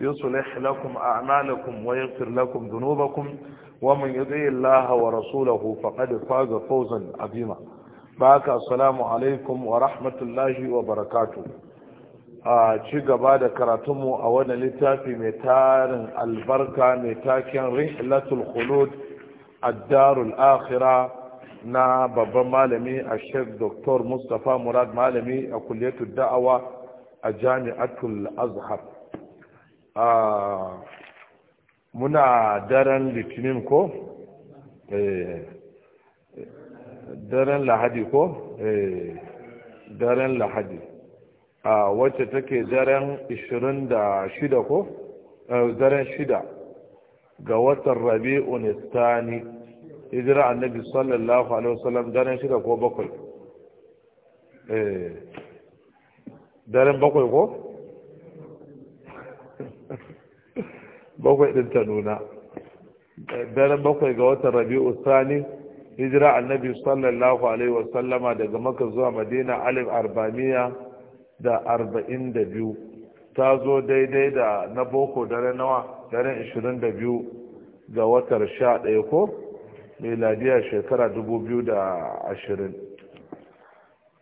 يصلح لكم أعمالكم ويغفر لكم ذنوبكم ومن يدعي الله ورسوله فقد فاز فوزا عظيما باك السلام عليكم ورحمة الله وبركاته a ci gaba da karatunmu a wani littafi mai tarin albarka mai taken rihlatul khulud addarul akhira na babban malami a sheik dr mustapha murad malami a kulletul da'awa a jami'atul azhar muna daren litinin ko eh, daren lahadi ko eh, daren lahadi a wacce take daren 26 ko eh, daren 6 ga watan rabi'un istani hijira annabi sallallahu alaihi wasallam daren 6 ko bakwai daren bakwai ko bakwai din ta nuna daren bakwai ga watan rabi'u sani hijira annabi sallallahu alaihi wasallama daga maka zuwa madina alif arba'amiya da arba'in da biyu ta zo daidai da na boko dare nawa daren ishirin da biyu ga watar sha ɗaya ko miladiya shekara dubu biyu da ashirin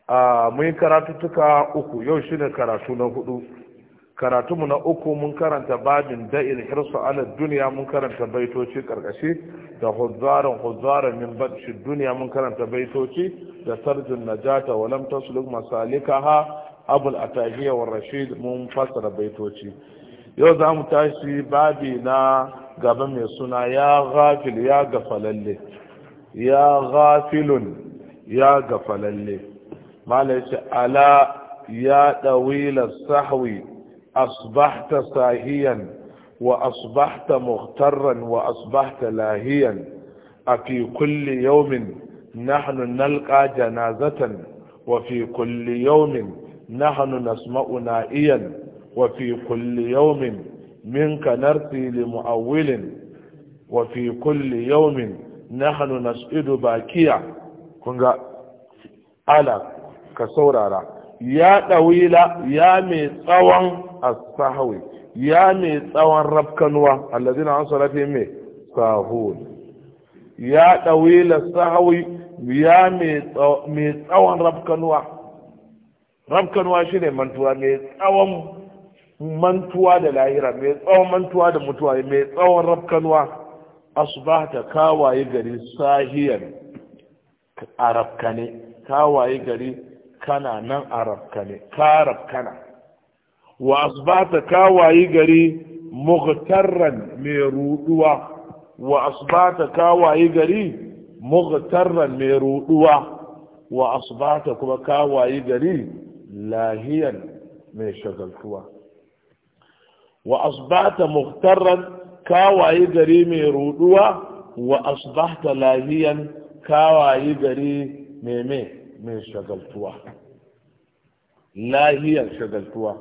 a mun karatuttuka uku yau shi ne karatu na hudu karatunmu na uku mun karanta babin da'il hirsu ala duniya mun karanta baitoci karkashi da huzzaran huzzaran min duniya mun karanta baitoci da sarjin najata wa lam tasluk masalikaha abul atahiya wa rashid mun fassara baitoci yau za mu tashi babi na gaba mai suna ya gafil, ya gafalalle ya ghafilun ya gafalalle malai ala ya dawila sahwi أصبحت صاهيا وأصبحت مغترا وأصبحت لاهيا أفي كل يوم نحن نلقى جنازة وفي كل يوم نحن نسمع نائيا وفي كل يوم منك نرثي لمؤول وفي كل يوم نحن نسئد باكيا كنغا على كسورارا ya ɗawila ya mai tsawon asahawi ya mai tsawon rafkanuwa allazina an salafi mai sahun ya ɗawila sahawi ya mai tsawon rafkanuwa rafkanuwa shi ne mantuwa mai tsawon mantuwa da lahira mai tsawon mantuwa da mutuwa mai tsawon rafkanuwa asbahta kawaye gari sahiyar a rafkane kawaye gari kana nan a rafkane ka rafkana wa asbata ka wayi gari mughtarran mai ruduwa wa asbata ka wayi gari mughtarran mai ruduwa wa asbata kuma ka wayi gari lahiyan mai shagaltuwa wa asbata mughtarran ka wayi gari mai ruduwa wa asbata lahiyan ka wayi gari mai mai mai shagaltuwa lahiyar shagaltuwa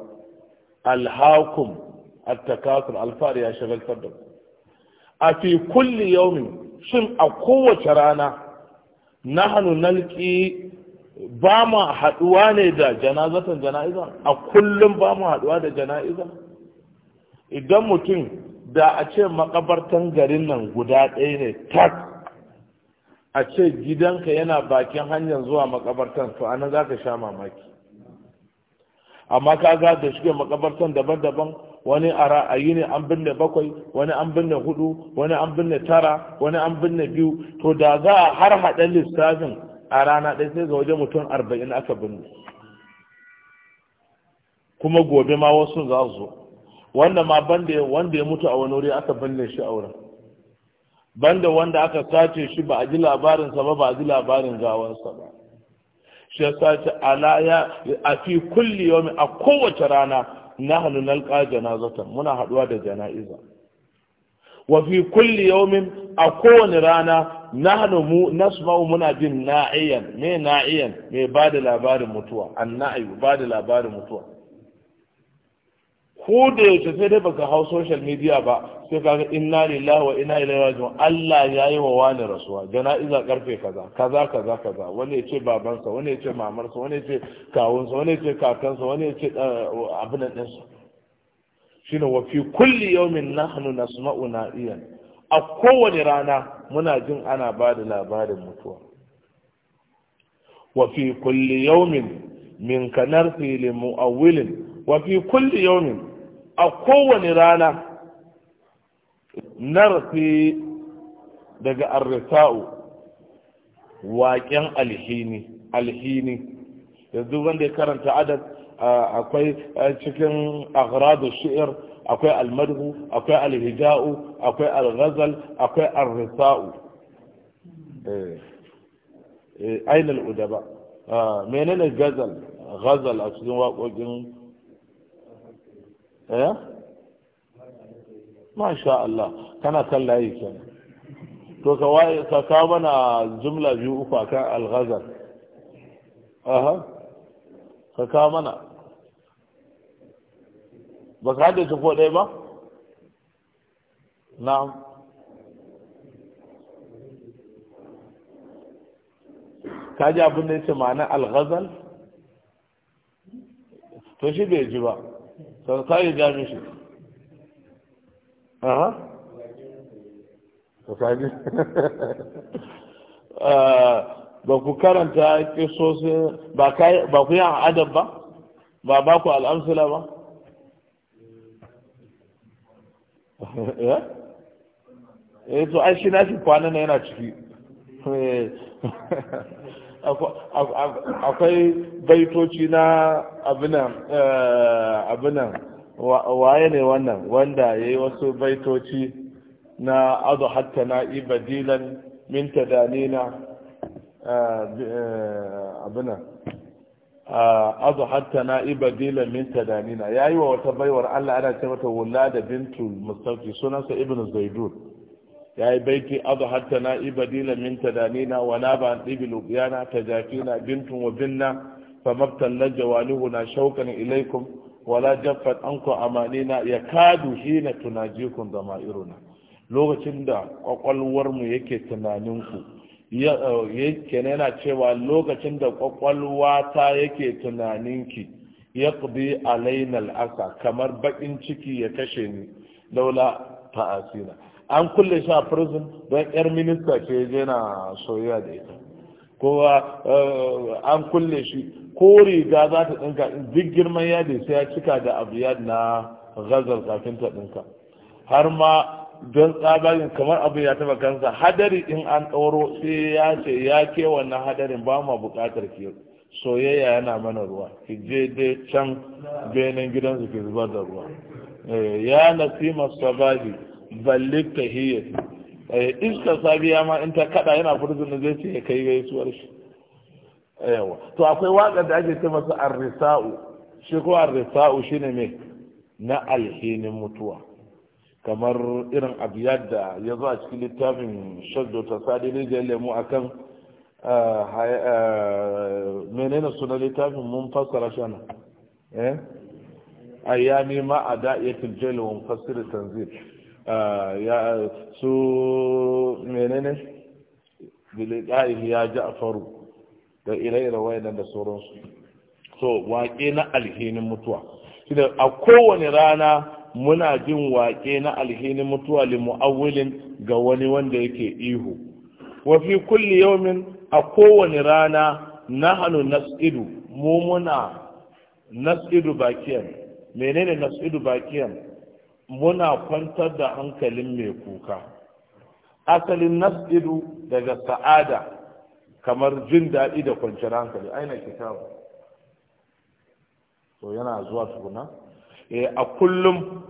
alhakum attakasur alfahar ya shagaltar da ku a fi kulli yaumin shin a kowace rana nahanu nalki ba ma haɗuwa ne da janazatan jana'iza a kullum ba mu haɗuwa da jana'iza idan mutum da a ce makabartan garin nan guda ɗaya ne tak a ce gidanka yana bakin hanyar zuwa makabartan to anan za ka sha mamaki amma ka ga da shige makabartan daban-daban wani a ra'ayi ne an binne bakwai wani an binne hudu wani an binne tara wani an binne biyu to da za a har haɗa lissafin a rana ɗaya sai ga waje mutum arba'in aka binne kuma gobe ma wasu za su zo wanda ma banda wanda ya mutu a wani wuri aka binne shi a wurin banda wanda aka sace shi ba a ji labarinsa ba ba a ji labarin gawansa ba shi ya sace ala a fi kulli yawmi a kowace rana nahnu nalqa janazatan muna haduwa da jana'iza wa fi kulli yawmin a kowane rana nahnu mu nasma'u muna jin na'iyan me na'iyan me da labarin mutuwa ba da labarin mutuwa ko da yaushe sai dai baka hau social media ba sai ga inna lillahi wa inna ilaihi raji'un Allah ya yi wa wani rasuwa jana'iza karfe kaza kaza kaza kaza wani ya ce babansa wani ya ce mamarsa wani ya ce kawunsa wani ya ce kakansa wani ya ce eh, abin da ɗinsa shine wa fi kulli yawmin nahnu nasma'u na'iyan a kowane rana muna jin ana ba da labarin mutuwa wa fi kulli yawmin min kanarfi li mu'awwilin wa fi kulli yawmin a kowane rana na narfi daga arrisa'u waƙen alhini alhini yanzu wanda ya karanta adad akwai cikin aghradu shi'ir akwai almadhu akwai alhija'u akwai alghazal akwai arrisa'u eh, eh, ainihin udaba ah, menene gazal a cikin waƙoƙin eh masha Allah kana kan layi kenan to ka waye ka ka mana jumla biyu uku akan al aha ka ka mana ba ka da ko dai ba na'am ka ji abin da yake ma'ana alghazal to shi bai ji ba sau ga ja mishi aha kaji ah, ba ku karanta kisosin ba ku yi adab ba ba ba ku al'amsila ba eh? eh to ai shi na shi kwanan yana ciki eh. akwai baitoci na abinan eh, waye ne wannan wanda ya yi wasu baitoci na azu hatta na ibadilan min tadanina eh, eh, abinan azu hatta na ibadilan min tadanina ya yi wa wata baiwar allah ana ce mata wula da bintul mustafi sunansa ibn zaidun ya yi baiti abu hatta na ibadila min tadanina wa na ba ɗibi lubiyana ta jafi na bintun wa binna fa mabtalla na shaukan ilaikum wala jaffat anku amanina ya kadu hina zama iruna lokacin da kwakwalwarmu yake yake na cewa lokacin da kwakwalwata yake tunaninki ya kudi alainal asa kamar bakin ciki ya kashe ni laula ta'asina an kulle shi a prison don yar minista ce je na soyayya da ita ko eh, an kulle shi ko riga za ta in duk girman yadi sai ya cika da abu ya na gazar kafin ta dinka har ma don tsabarin kamar abu ya taba kansa hadari in an ɗauro sai ya ce ya ke wannan hadarin ba ma buƙatar ki soyayya yana mana ruwa ki je dai can benin gidansu ke zubar da ruwa eh, ya nasima sabahi ta tahiyyati eh, iska sabiya ma in ta kada yana furzin zai ce ya kai gaisuwar shi yawa to akwai waka da ake ce masa arrisa'u shi ko arrisa'u shine me na alhinin mutuwa kamar irin abiyar da ya zo a cikin littafin shaddo ta ne da lemu akan ah, ah, menene suna littafin mun fassara shi eh ayyami ma a da'iyatul jail wa mufassir tanzil su menene bilida'ihi ya faru. da ire-ire wayannan da sauransu so waƙe na alhinin mutuwa shine a kowane rana muna jin waƙe na alhinin mutuwa li mu'awwilin ga wani wanda yake ihu wa fi kulli yawmin a kowane rana na nahnu nas'idu mu muna nas'idu bakiyan menene nas'idu bakiyan muna kwantar da hankalin mai kuka asalin nasidu daga sa'ada kamar jin daɗi da kwanciyar hankali aina kitabu to yana zuwa tukuna e a kullum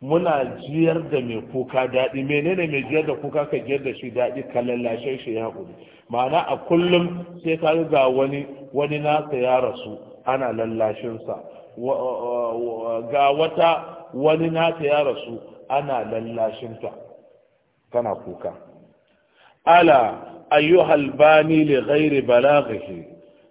muna jiyar da mai kuka daɗi menene mai jiyar da kuka ka jiyar da shi daɗi ka lallashe shi ya haƙuri ma'ana a kullum sai ka ga wani wani nasa ya rasu ana lallashinsa ga wata wani nata ya rasu ana lallashinta tana kuka ala ayyuhal bani li ghairi balaghihi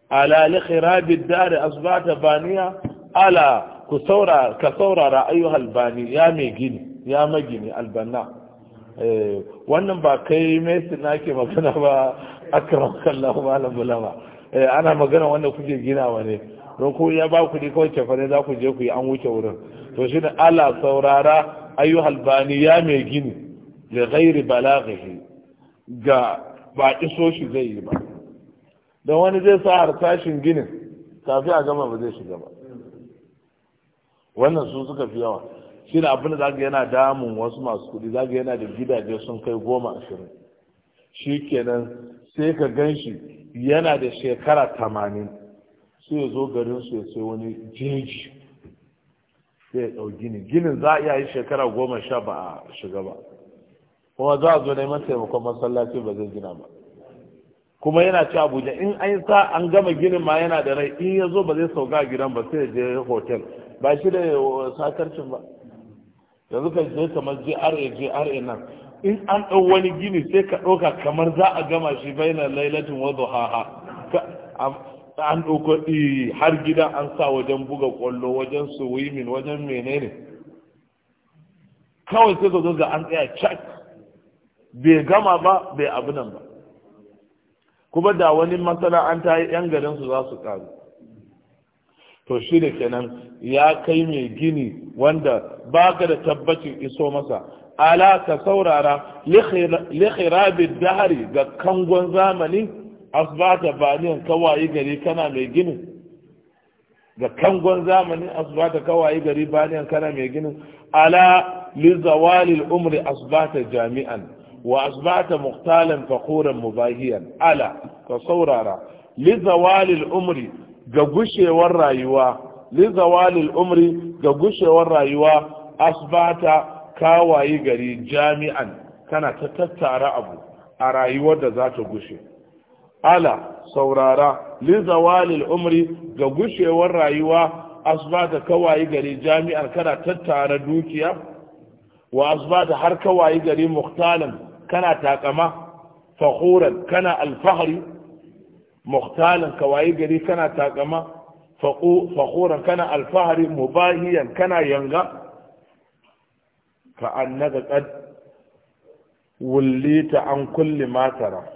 ala li khirabi dar asbata baniya ala ku saurara ka saurara ayyuhal bani ya mai gini ya magini albanna eh, wannan ba kai mesin nake magana ba akram kallahu malam bulama eh, ana magana wanda kuke ginawa ne don ya ba ku ne kawai cefane za ku je ku yi an wuce wurin to shi ne ala saurara ayu halbani ya mai gini da gairi balaghihi ga ba iso shi zai yi ba don wani zai sa harsashin ginin kafin a gama ba zai shiga ba wannan su suka fi yawa shi ne abin da zaga yana damun wasu masu kudi zaga yana da gidaje sun kai goma ashirin shi kenan sai ka gan shi yana da shekara tamanin sai ya zo garin su ya sai wani jeji sai ya ɗau gini ginin za a iya yi shekara goma sha ba a shiga ba kuma za a zo neman taimakon masallaci ba zai gina ba kuma yana ci abuja in an sa an gama ginin ma yana da rai in ya zo ba zai sauka a gidan ba sai ya je hotel ba shi da sakarcin ba yanzu ka je kamar JRA-JRA nan in an ɗau wani gini sai ka ɗauka kamar za a gama shi bai na lailatin ha ha an ɗauko har gidan an sa wajen buga ƙwallo wajen suwimin wajen menene kawai sai ka zo ga an tsaya cak bai gama ba bai abu nan ba kuma da wani masana'anta yan garin su za su karu to shi da kenan ya kai mai gini wanda ba ka da tabbacin iso masa ala ka saurara likhirabi dahari ga kangon zamani asbata baniyan kawaye gari kana mai ginin ga kangon zamani asbata kawaye gari baniyan kana mai ginin ala lizawalil umri asbata jami'an wa asbata muqtalan faquran mubahiyan ala ka saurara lizawalil umri ga gushewar rayuwa lizawalil umri ga gushewar rayuwa asbata kawaye gari jami'an kana ta tattara abu a rayuwar da za ta gushe ala saurara lin zawalil umri ga gushewar rayuwa asbata kawai gari jami'ar kana tattara dukiya wa asbata har kawai gari muhtalan kana takama fakhuran kana alfahari muhtalan kawai gari kana takama fakhuran kana alfahari mubahiyan kana yanga ka annaka qad wallita an kulli ma tara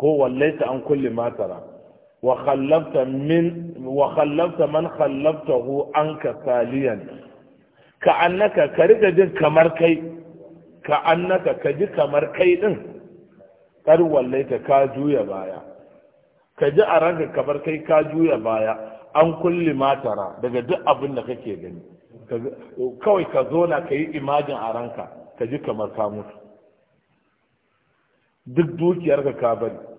ko wallaita an kulli matara wa khallafta min wa khallafta man khallaftahu anka saliyan ka annaka ka riga jin kamar kai ka annaka ka ji kamar kai din kar wallaita ka juya baya ka ji a ranka kamar kai ka juya baya an kulli matara daga duk abin da kake gani kawai ka zo na ka yi imajin a ranka ka ji kamar ka mutu duk dukiyarka ka bari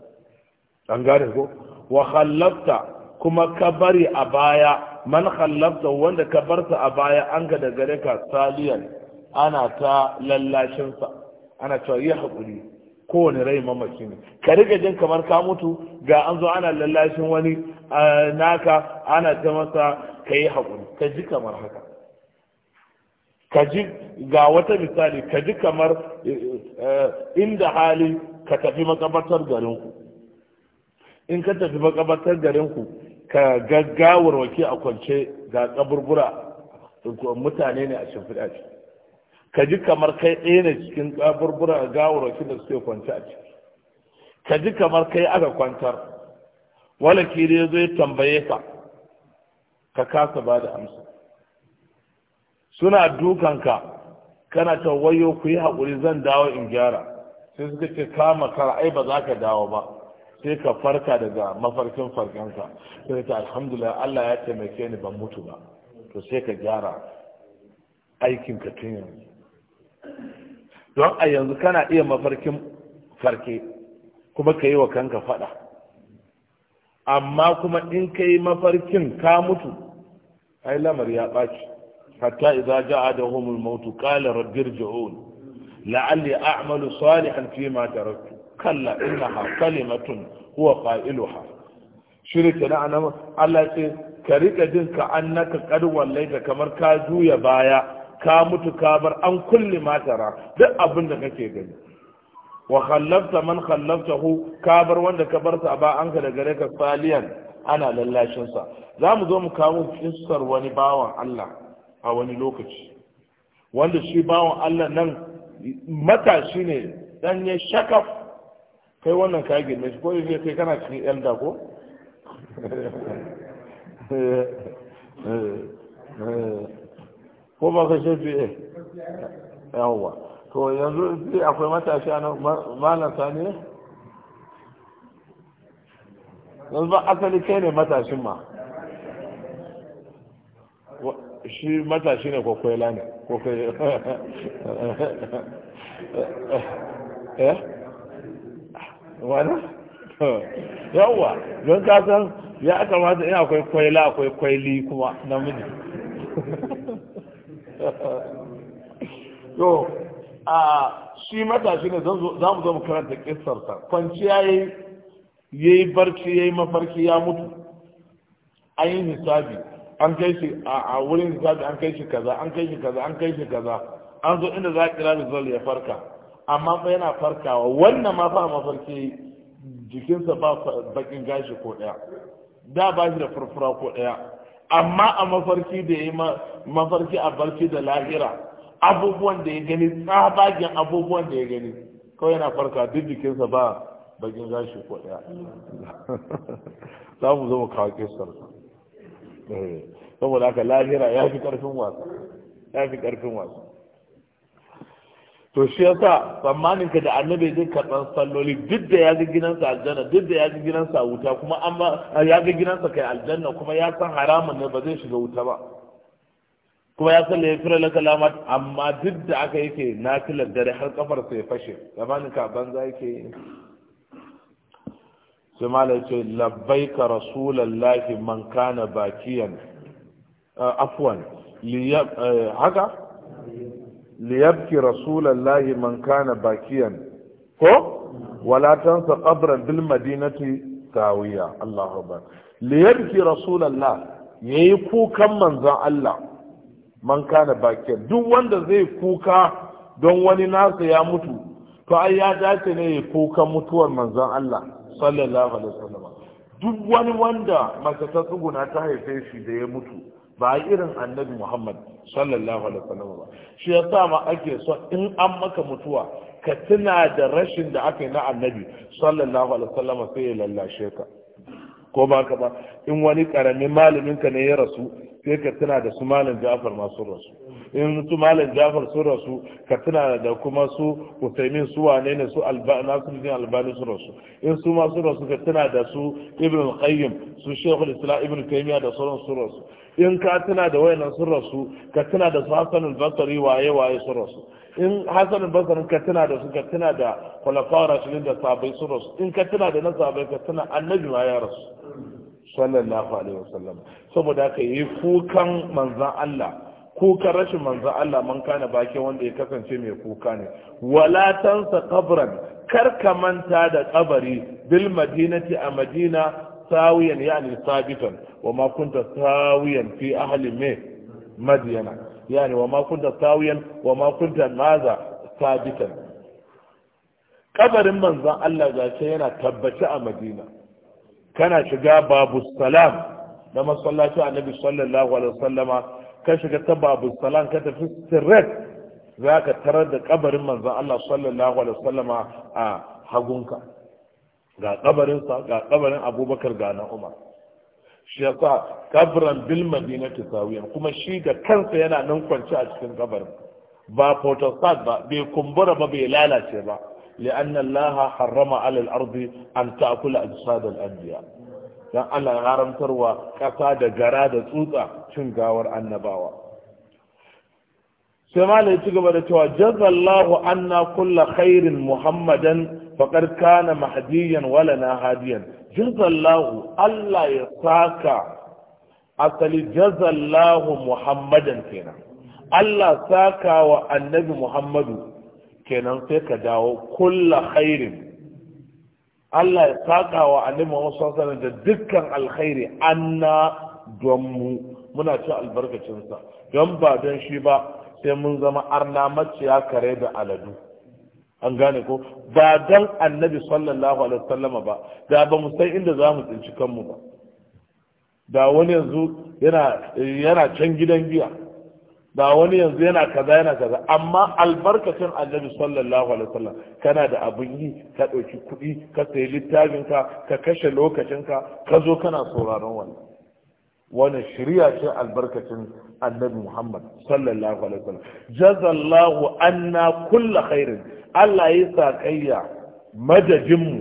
an gane ko wa khallafta kuma ka bari a baya man khallafta wanda ka barta a baya an ga daga ka saliyan ana ta lallashin sa ana cewa yi hakuri kowane rai mamaki ne ka riga jin kamar ka mutu ga an zo ana lallashin wani naka ana ta masa ka yi hakuri ka ji kamar haka ka ji ga wata misali ka ji kamar eh, eh, inda hali ka tafi makabartar garinku in ka tafi makabartar garinku ka gaggawar wake a kwance ga kaburbura mutane ne a shimfiɗa ce ka ji kamar kai ɗaya ne cikin kaburbura a waki da suke kwance a ciki ka ji kamar kai aka kwantar wala kiri ya zo ya tambaye ka ka kasa ba da amsa suna dukanka kana ta wayo ku yi haƙuri zan dawo in gyara sai suka ce kama kara ai ba za ka dawo ba sai ka farka daga mafarkin farkanka sai ka alhamdulillah Allah ya taimake ni ban mutu ba to sai ka gyara aikin ka tun yanzu don a yanzu kana iya mafarkin farke kuma ka yi wa kanka fada amma kuma in ka yi mafarkin ka mutu ai lamar ya ɓaci hatta idza ja'a da humul mautu qala rabbi irji'un la'alli a'malu salihan fi ma taraktu kalla innaha kalimatun huwa qailuha shiri kenan anan Allah ce ka rika jin ka annaka qad wallaita kamar ka juya baya ka mutu ka bar an kulli matara duk abin da kake gani wa khallafta man khallaftahu ka bar wanda ka bar sa ba an ka gare ka saliyan ana lallashin sa zamu zo mu kawo kissar wani bawan Allah a wani lokaci wanda shi bawan Allah nan matashi ne dan ya shakaf kai wannan ka girme shi ko yake kai kana cikin elda ko ko ba ka shafi eh yawwa to yanzu sai akwai matashi a nan malasa sani ne yanzu ba asali kai ne matashin ma shi matashi ne ko kwaila ne ko kai eh wani yawwa don kasan ya kamata in akwai kwaila akwai kwaili kuma namiji to a shi matashi ne za mu zo mu karanta kissarsa kwanciya ya yi barci ya yi mafarki ya mutu an yi hisabi an kai shi a wurin hisabi an kai shi kaza an kai shi kaza an kai shi kaza an zo inda za a kira da ya farka amma fa yana farkawa wannan ma fa mafarki jikinsa ba bakin gashi ko daya da ba shi da furfura ko daya amma a mafarki da ya mafarki a barci da lahira abubuwan da ya gani tsabagen abubuwan da ya gani kawai yana farka duk jikinsa ba bakin gashi ko daya za mu zo mu kawo kisar eh, saboda haka lahira ya fi karfin wasa ya fi karfin wasa to shi yasa tsammanin ka da annabi zai karɓar salloli duk da ya ga gidansa aljanna duk da ya ga gidansa wuta kuma an ya ga gidansa kai aljanna kuma ya san haramun ne ba zai shiga wuta ba kuma ya san laifin laka lamat amma duk da aka yake na filar dare har kafar sai ya fashe tsammanin ka banza yake sai mala ce labbaika rasulallahi man kana bakiyan eh, afwan eh, haka liyabki rasulallahi man kana bakiyan ko wala tansa qabran bil madinati tawiya Allahu akbar liyabki rasulallah yayi kukan manzon Allah man kana bakiyan duk wanda zai kuka don wani nasa ya mutu to ai ya dace ne ya kukan mutuwar manzon Allah sallallahu alaihi wasallam duk wani wanda mace ta tsuguna ta haife shi da ya mutu ba irin annabi Muhammad sallallahu alaihi wasallam ba shi yasa ma ake so in an maka mutuwa ka tuna da rashin da aka yi na annabi sallallahu alaihi wasallam sai ya lallashe ka ko ba ka ba in wani karamin malamin ka ne ya rasu sai ka tuna da su malam Ja'far ma sun rasu in su malam Ja'far sun rasu ka tuna da kuma su Usaimin su wane ne su Nasiruddin Albani sun rasu in su ma sun rasu ka tuna da su Ibn Qayyim su Sheikhul Islam Ibn Taymiyyah da sauran sun rasu in ka tuna da wayannan sun rasu ka tuna da su Hassan al-Basri waye waye sun rasu in Hassan al-Basri ka tuna da su ka tuna da khulafa rashidin da sahabbai sun rasu in ka tuna da na sahabbai ka tuna annabi ma ya rasu sallallahu alaihi wasallam saboda haka yi kukan manzan Allah kukan rashin manzan Allah man kana baki wanda ya kasance mai kuka ne wala tansa qabran kar ka manta da kabari bil madinati a madina sawiyan yani sabitan wa ma kunta sawiyan fi ahli me madyana yani wa ma kunta sawiyan wa ma kunta maza sabitan kabarin manzon Allah gace yana tabbaci a Madina kana shiga babu salam na masallaci annabi sallallahu alaihi wasallama ka shiga ta babu salam ka tafi sirrat zaka tarar da kabarin manzon Allah sallallahu a hagunka ga kabarinsa ga kabarin abubakar ga na umar shi yasa kabran bil madinati sawiyan kuma shi da kansa yana nan kwance a cikin kabarin ba protestant ba bai kumbura ba bai lalace ba لأن الله حرم على الأرض أن تأكل أجساد الأنبياء dan Allah ya haramtarwa ƙasa da gara da tsutsa cin gawar annabawa sai malai ci gaba da cewa jazallahu anna kulla khairin muhammadan faqad kana mahdiyan wala na hadiyan jazallahu Allah ya saka asali jazallahu muhammadan kenan Allah saka wa annabi muhammadu kenan sai ka dawo kulla khairin Allah ya saka wa annabi muhammadu da dukkan alkhairi anna don mu muna ci albarkacinsa don ba don shi ba sai mun zama arna maciya kare da aladu an gane ko ba dan annabi sallallahu alaihi wasallama ba da ba mu san inda za mu tsinci kanmu ba da wani yanzu yana yana can gidan giya da wani yanzu yana kaza yana kaza amma albarkacin annabi sallallahu alaihi wasallam kana da abin yi ka ɗauki kuɗi ka sayi littafinka ka kashe lokacinka ka zo kana sauraron wannan wani shirya ce albarkacin annabi Muhammad sallallahu alaihi wasallam jazallahu anna kulla khairin Allah ya sakayya madadin mu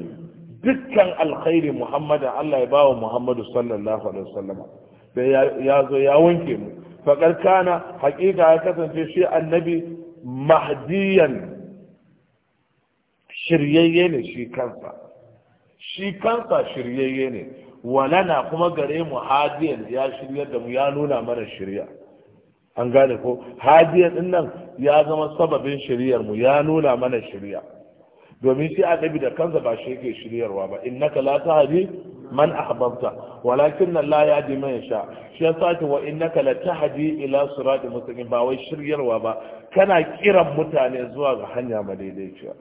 dukkan alkhairi Muhammad Allah ya bawa Muhammadu sallallahu alaihi wasallam da ya zo ya wanke mu Fakar kana hakika ya kasance shi annabi mahdiyan shiryayye ne shi kansa shi kansa shiryayye ne walana kuma gare mu hadiyar ya shirya da mu ya nuna mana shirya an gane ko hadiyar din nan ya zama sababin shiryar mu ya nuna mana shirya domin shi annabi da kansa ba shi yake shiryarwa ba innaka la tahdi man ahbabta walakin la di man sha. shi yasa ta wa innaka la tahdi ila sirati mustaqim ba wai shiryarwa ba kana kiran mutane zuwa ga hanya madaidaiciya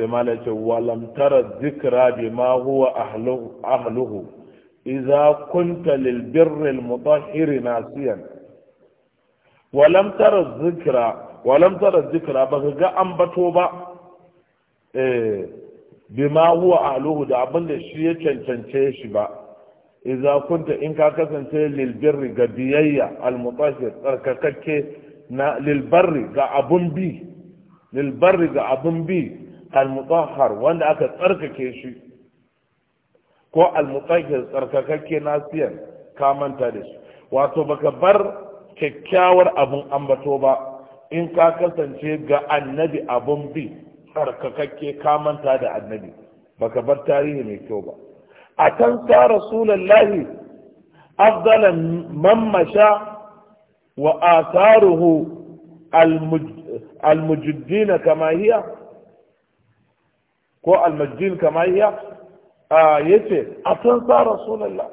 sai mala ce walam tara zikra bi ma huwa ahluhu idza kunta lil birri al mutahhir nasiyan walam tara zikra walam tara zikra ba ga ambato ba eh ma huwa ahluhu da abin da shi ya cancance shi ba idza kunta in ka kasance lil birri ga biyayya al mutahhir tsarkakakke na lil barri ga abun bi lil barri ga abun bi al-mutahhar wanda aka tsarkake shi ko al-mutahhir tsarkakakke nasiyan ka manta da shi wato baka bar kyakkyawar abun ambato ba in ka kasance ga annabi abun bi tsarkakakke ka manta da annabi baka bar tarihi mai kyau ba a can sa rasulullahi afdala man wa atharuhu al-mujaddina kama hiya ko almajjil kamar ya ce. a san sa rasulullah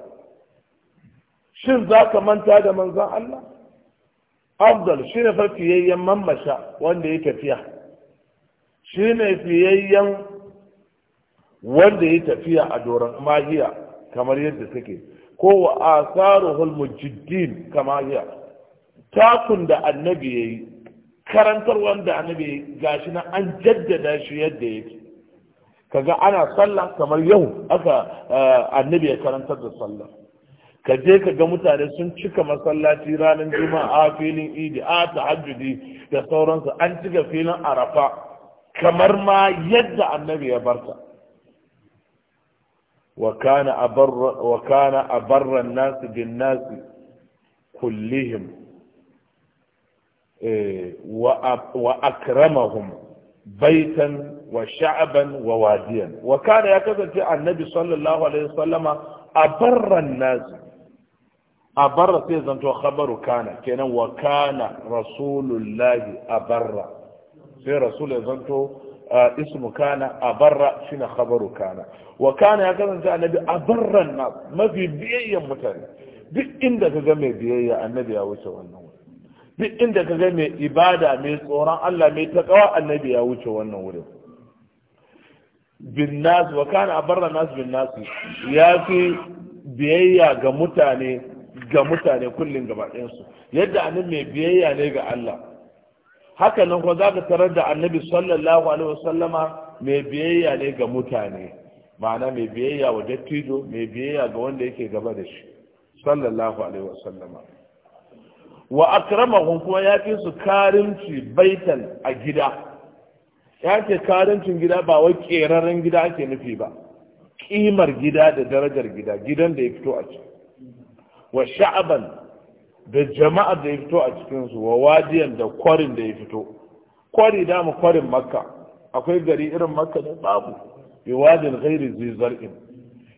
shin za ka manta da manzan Allah afdal shi ne fafiyayyen mammasha wanda ya tafiya shi ne fiyayyen wanda ya tafiya a doron mahiya kamar yadda take ko wa asaruhul mujiddin kama hiya takun da annabi yayi karantar wanda annabi gashi na an jaddada shi yadda yake kaga ana sallah kamar yau aka eh, annabi ya karantar da sallah ka je ka ga mutane sun cika masallaci ranar juma'a filin idi a tahajjudi da sauransu an cika filin arafa kamar ma yadda annabi ya barta wa kana abarra wa kana bin kullihim eh, wa akramahum baitan wa sha'aban wa wadiyan wa ya kasance annabi sallallahu alaihi wasallama abarran nas abarra sai zanto khabaru kana kenan wa kana rasulullahi abarra sai rasul ya zanto ismu kana abarra shine ya kasance annabi mafi mutane duk inda ka ga biyayya annabi ya wuce wannan duk inda ka ga ibada mai tsoron Allah mai kawa annabi ya wuce wannan wurin binnas wa kana abarra nas bin ya fi biyayya ga mutane ga mutane kullum gaba su yadda annabi mai biyayya ne ga Allah haka nan ko za ka tarar da annabi sallallahu alaihi wasallama mai biyayya ne ga mutane ma'ana mai biyayya wa dattijo mai biyayya ga wanda yake gaba da shi sallallahu alaihi wasallama wa akramahum kuma ya fi su karimci baitan a gida ya ce karancin gida ba wai keraren gida ake nufi ba kimar gida da darajar gida gidan da ya fito a ciki wa sha'aban da jama'ar da ya fito a cikinsu wa wajiyan da kwarin da ya fito kwari dama kwarin makka akwai gari irin makka ne babu bi wajin ghairi zizar'in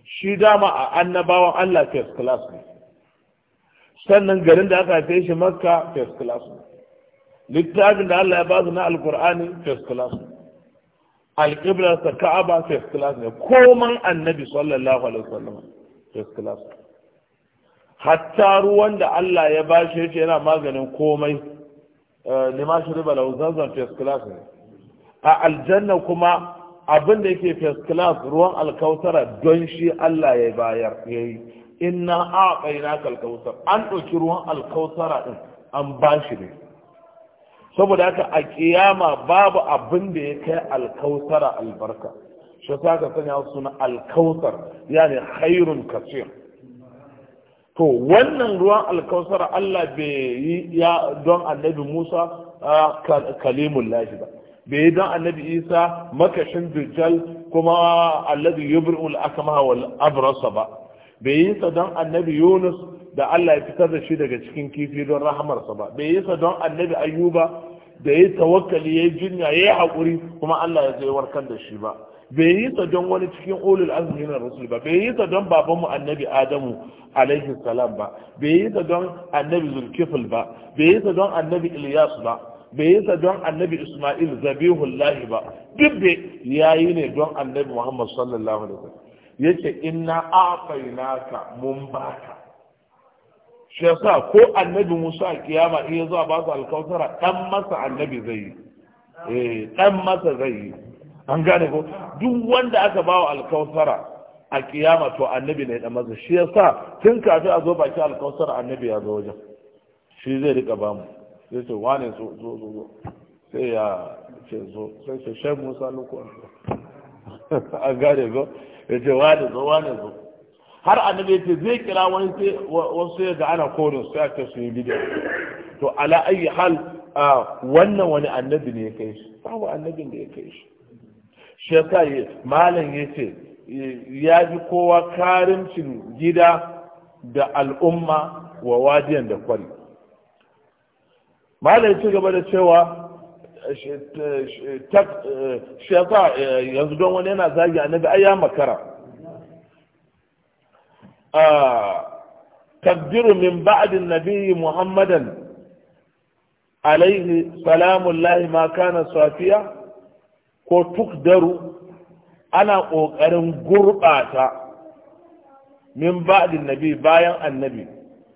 shi dama a annabawan allah first class ne sannan garin da aka haife shi makka first class ne littafin da allah ya ba su na alkur'ani first class ne alƙiblarsa ka'aba first class ne koman annabi sallallahu alaihi wasallam first class hatta ruwan da Allah ya bashi yace yana maganin komai eh, lima riba lau zanzan first class ne a aljanna kuma abin da yake first class ruwan alkautara don shi Allah ya bayar yayi inna a'tainaka alkautar an ɗauki ruwan alkautara din an bashi ne saboda haka a kiyama babu abin da ya kai alkausara albarka shi ta ka sanya suna alkausar yani khairun kasir to wannan ruwan alkausar Allah bai yi ya don annabi Musa kalimun lahi ba bai yi don annabi Isa makashin dujjal kuma alladhi yubri'ul akmaha wal abrasa ba bai yi sa don annabi Yunus da Allah ya fitar da shi daga cikin kifi don rahamarsa ba bai yi sa don annabi ayyuba da ya tawakkali ya jinya ya yi haƙuri kuma Allah ya zai warkar da shi ba bai yi sa don wani cikin ulul azmi na rasul ba bai yi sa don babanmu annabi adamu alaihi salam ba bai yi sa don annabi zulkifil ba bai yi sa don annabi ilyas ba bai yi sa don annabi isma'il zabihullahi ba duk bai yi ne don annabi muhammad sallallahu alaihi wasallam yace inna a'tainaka mun baka shi yasa ko annabi musa a kiyama ya zuwa ba su alkautara dan masa annabi zai yi eh dan masa zai yi an gane ko duk wanda aka bawa alkautara a kiyama to annabi ne dan masa shi yasa tun kafin a zo baki alkautara annabi ya zo wajen shi zai rika ba mu sai ce wane zo zo zo sai ya ce zo sai ce shan musa lokacin an gane ko ya ce wane zo wane zo har annabi ya ce zai kira wasu ga ana korin sai aka su yi bidiyo to ala ayi hal wannan wani annabi ne ya kai shi babu annabin da ya kai shi shi ya malam ya ce ya ji kowa karimcin gida da al'umma wa wadiyan da kwari malam ci gaba da cewa shi ya eh, yanzu don wani yana zagi annabi ai ya makara تقدير من بعد النبي محمدا عليه سلام الله ما كان صافيا ko tukdaru ana ƙoƙarin gurɓata min ba'din nabi bayan annabi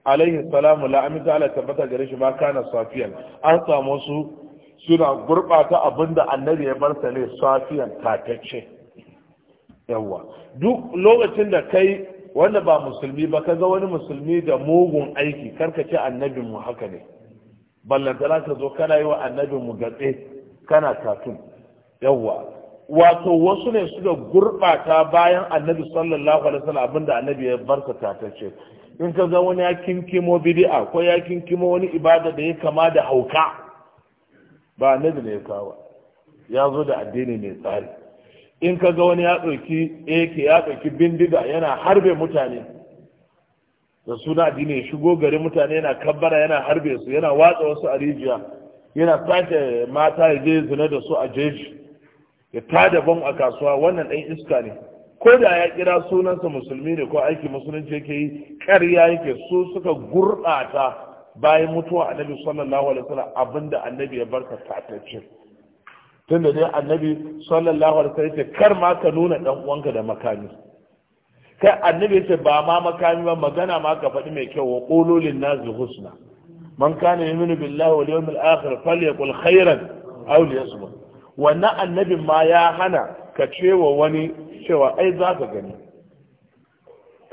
alaihi salamu la tabbata gare shi ma kana safiyan an samu su suna gurɓata abinda annabi ya bar ne safiyan tatacce yawa duk lokacin da kai wanda ba musulmi ba kaga wani musulmi da mugun aiki karka ce annabin mu haka ne ballantana ka zo kana yi wa annabin mu gatse kana tatun yawwa wato wasu ne suka gurɓata bayan annabi sallallahu alaihi wasallam abinda annabi ya barka tatace in ka ga wani ya kinkimo bid'a ko ya kinkimo wani ibada da ya kama da hauka ba annabi ne ya kawo ya zo da addini mai tsari in ka ga wani ya ɗauki ak ya ɗauki bindiga yana harbe mutane da suna addini shigo gari mutane yana kabbara yana harbe su yana watsa wasu a rijiya yana sake mata ya je zina da su a jeji ya tada bom a kasuwa wannan ɗan iska ne ko da ya kira sunansa musulmi ne ko aiki musulunci yake yi ƙarya yake su suka gurɓata bayan mutuwa annabi sallallahu alaihi wasallam abinda annabi ya barka tatacce tunda dai annabi sallallahu alaihi wasallam ce kar ma ka nuna dan uwanka da makami kai annabi ce ba ma makami ba magana ma ka faɗi mai kyau wa qulu lin nas husna man kana yu'minu billahi wal yawmil akhir falyakul khairan aw liyasmut wannan annabin ma ya hana ka cewa wani cewa ai za ka gani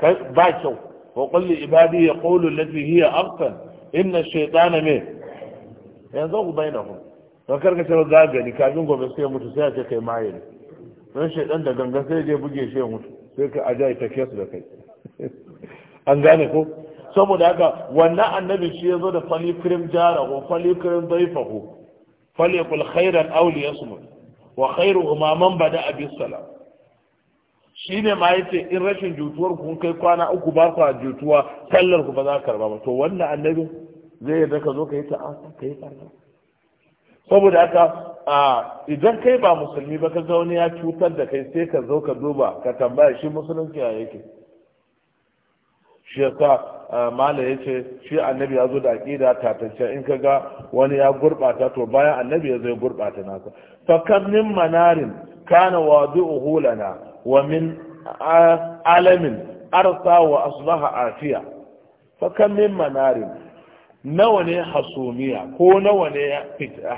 Kai ba kyau wa qul li ibadi yaqulu allati hiya afdal inna ash-shaytana min yanzu bainahum ba karka ce gagari gari kafin gobe sai mutu sai a ce kai maye ne don shaidan da gangan sai je buge shi mutu sai ka aja ta su da kai an gane ko saboda haka wannan annabi shi ya zo da fali krim jara ko fali krim zaifa ko fali kul khairan auli yasmu wa khairu umaman bada abis salam shi ne ma yace in rashin jutuwar kun kai kwana uku ba ku jutuwa sallar ku ba za ka karba ba to wannan annabi zai yarda ka zo ka yi ta'a ah, ka yi karba saboda haka a idan kai ba musulmi ba ka ga wani ya cutar da kai sai ka zo ka duba ka tambaya shi musulunci ya yake shi yasa mala ya ce shi annabi ya zo da aƙida tatacce in ka ga wani ya gurɓata to bayan annabi ya zo ya gurɓata nasa fakarnin manarin kana wadi'uhu lana wa min alamin arsa wa asbaha afiya fakarnin manarin nawa ne hasumiya ko nawa ne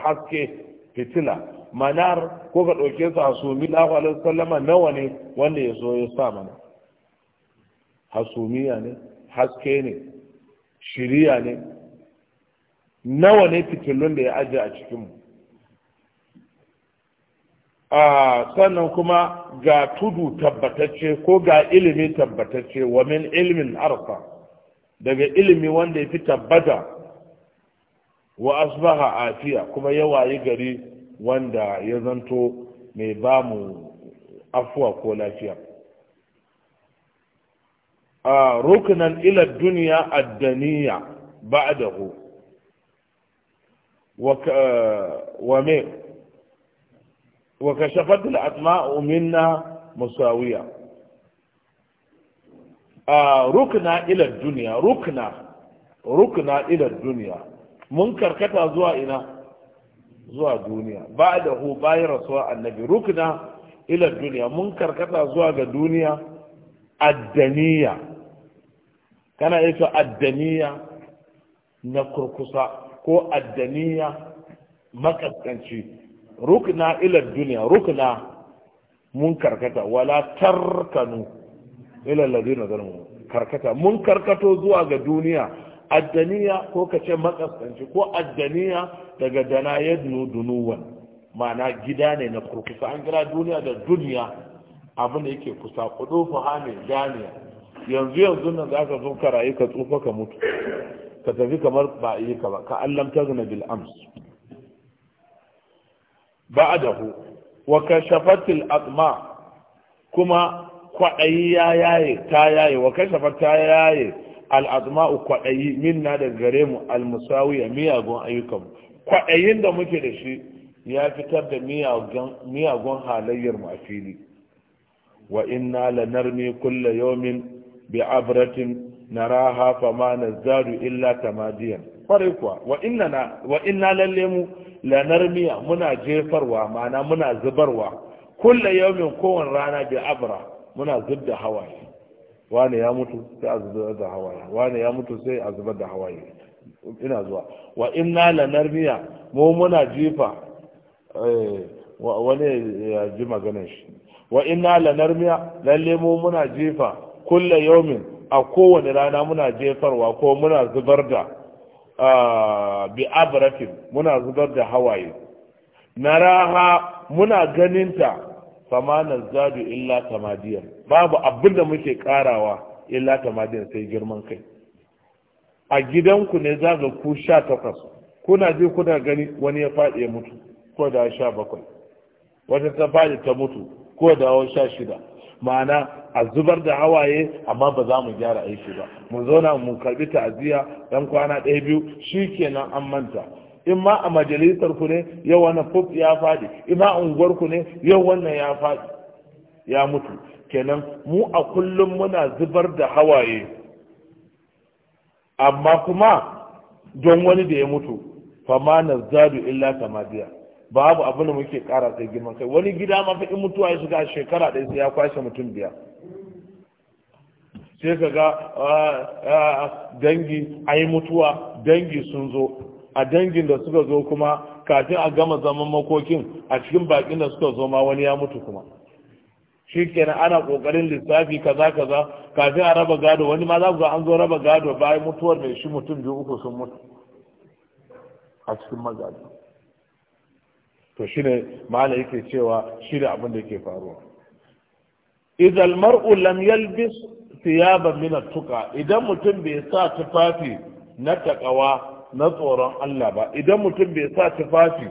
haske fitila manar ko ka ɗauke su hasumi lahu alaihi sallama nawa ne wanda ya zo ya sa mana hasumiya ne haske ne shiriya ne nawa ne fitilun da ya aje a cikinmu sannan kuma ga tudu tabbatacce ko ga ilimi tabbatacce wa min ilmin arfa daga ilimi wanda ya fi tabbata wa asbaha afiya kuma ya wayi gari wanda ya zanto mai ba mu afuwa ko lafiya a rukunan ila duniya addaniya ba'dahu wa me wa kashafat al-atma'u minna musawiya a rukuna ila duniya rukna rukna ila duniya mun karkata zuwa ina zuwa duniya ba da hu bayan rasuwa annabi rukna ila duniya mun karkata zuwa ga duniya addaniya kana iya addaniya na kurkusa ko addaniya makaskanci rukna ila duniya rukna mun karkata wala tarkanu ila ladina zalmu karkata mun karkato zuwa ga duniya addaniya ko ka ce makaskanci ko addaniya daga dana ya dunuwan ma'ana gida ne na kurkusa an kira duniya da duniya abu ne yake kusa kudu fahami daniya yanzu yanzu nan za ka zo ka rayu ka tsufa ka mutu ka tafi kamar ba a yi ka ba ka allam ta zuna bil ams ba'adahu wa shafatil atma kuma kwaɗayi ya yaye ta yaye wa kashafar ta yaye al'azma'u kwaɗayi minna da gare mu almusawiya miyagun ayyukanmu kwaɗayin da muke da shi ya fitar da miyagun halayyar mu a fili wa inna lanarmi kulla yawmin bi abratin raha fama nazaru illa tamadiyan kwarai kuwa wa inna lalle mu miya muna jefarwa mana muna zubarwa kulla yomin kowane rana bi abra muna zub da hawaye wane ya mutu sai a zubar da hawaye wane ya mutu sai a zubar da hawaye ina zuwa wa inna la narmiya mu muna jifa eh, wani ya ji maganar shi wa inna la narmiya lalle mu muna jifa kulla yawmin a kowane rana muna jefarwa ko muna zubar da bi abrafin muna zubar da hawaye naraha muna ganinta famanan zadu illa tamadiyar babu abin da muke karawa illa tamadin sai girman kai a gidanku ne za ga ku sha takwas kuna je kuna gani wani ya faɗi ya mutu ko da sha bakwai wata ta faɗi ta mutu ko da sha shida ma'ana a zubar da hawaye amma ba za mu gyara aiki ba mu zauna mu karbi ta'aziya ɗan kwana ɗaya biyu shi kenan an manta in ma a majalisar ku ne yau wani fuf ya faɗi in ma a unguwar ku ne yau wannan ya faɗi ya mutu kenan mu a kullum muna zubar da hawaye amma kuma don wani da ya mutu fama na zadu illa tamadiya babu abin da muke kara sai girman kai wani gida ma in mutuwa ya shiga shekara ɗaya sai ya kwashe mutum biya sai ka ga dangi a yi mutuwa dangi sun zo a dangin da suka zo kuma kafin a gama zaman makokin a cikin bakin da suka zo ma wani ya mutu kuma shikenan ana kokarin lissafi kaza kaza kafin a raba gado wani ma za ku ga an zo raba gado bayan mutuwar mai shi mutum biyu uku sun mutu a cikin mazaje to shine mala yake cewa shi da abin da yake faruwa idan mar'u lam yalbis thiyaban min tuka, idan mutum bai sa tufafi na takawa na tsoron Allah ba idan mutum bai sa tufafi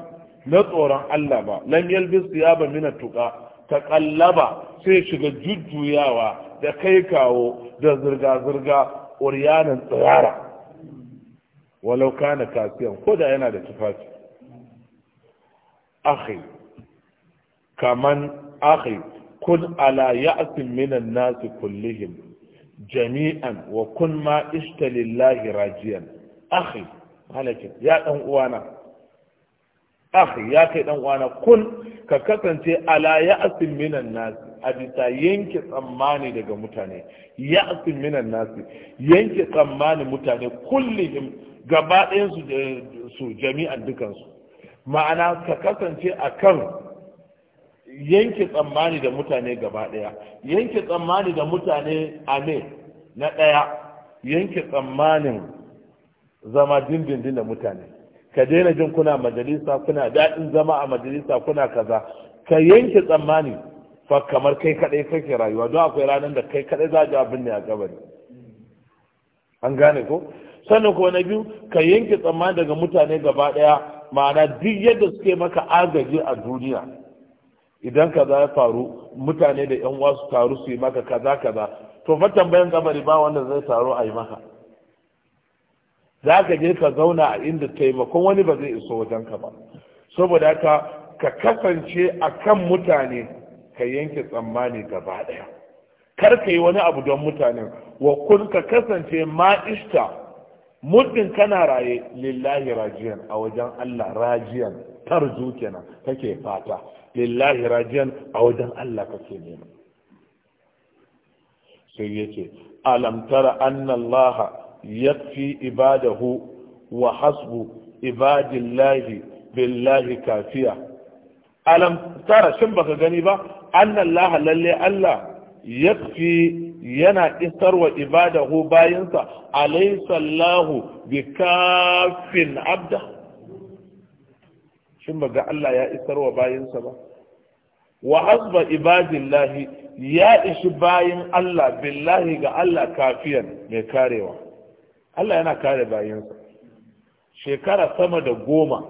na tsoron Allah ba lam yalbis thiyaban min tuqa kallaba sai shiga jujjuyawa da kai kawo da zirga-zirga oriyanin tsirara walau na kasiyan ko da yana da tufafi akhi kaman akhi kun ala ya'sin minan nasu kullihim jami'an wa kun ma ishtalillahi rajiyan akhi halakin ya ɗan uwana akhi ya kai dan uwana kun ka kasance ala ya'sin minan nas a bisa yanke tsammani daga mutane ya'sin minan nas yanke tsammani mutane kullihim gaba ɗayan su su jami'an dukansu ma'ana ka kasance akan yanke tsammani da mutane gaba ɗaya yanke tsammani da mutane a ne na ɗaya yanke tsammanin zama dindindin da mutane ka daina jin kuna majalisa kuna daɗin zama a majalisa kuna kaza ka yanke tsammani fa kamar kai kaɗai kake rayuwa don akwai ranar da kai kaɗai za a ji abin ne a gabari. an gane ko sannan ko na biyu ka yanke tsammani daga mutane gaba ɗaya ma'ana duk yadda suke maka agaji a duniya idan ka za faru mutane da yan uwa su taru su yi maka kaza kaza to fa tambayan gabari ba wanda zai taru a yi maka za ka je ka zauna a inda taimakon wani ba zai iso ka ba saboda haka ka kasance a kan mutane ka yanke tsammani gaba ɗaya kar ka yi wani abu don mutanen wa kun ka kasance ma ishta muddin kana raye lillahi rajiyan a wajen Allah rajiyan tarzu kenan kake fata lillahi rajiyan a wajen Allah kake nema sai yace alam tara anna Allah yakfi ibadahu wa hasbu ibadillahi billahi kafiya alam tara shin baka gani ba annallaha lalle Allah yakfi yana isarwa ibadahu bayansa alaysa Allahu bikafin abda shin ga Allah ya isarwa bayansa ba wa hasba ibadillahi ya ishi bayin Allah billahi ga Allah kafiyan mai karewa Allah yana kare bayansa shekara sama da goma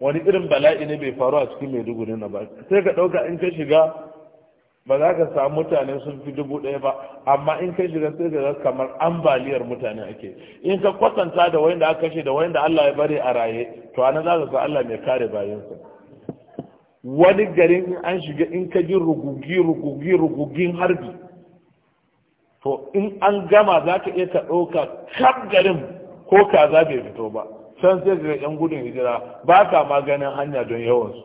wani irin bala'i ne bai faru a cikin maiduguri na ba sai ka ɗauka in ka shiga ba za ka samu mutane sun fi dubu ɗaya ba amma in ka shiga sai ka kamar ambaliyar mutane ake in ka kwatanta da wanda aka kashe da wanda Allah ya bari a raye to anan za ka Allah mai kare bayansa wani garin in an shiga in ka ji rugugi rugugi rugugin harbi to in an gama za ka iya ka ɗauka kaf garin ko kaza bai fito ba can sai ga yan gudun hijira ba ka ma ganin hanya don yawansu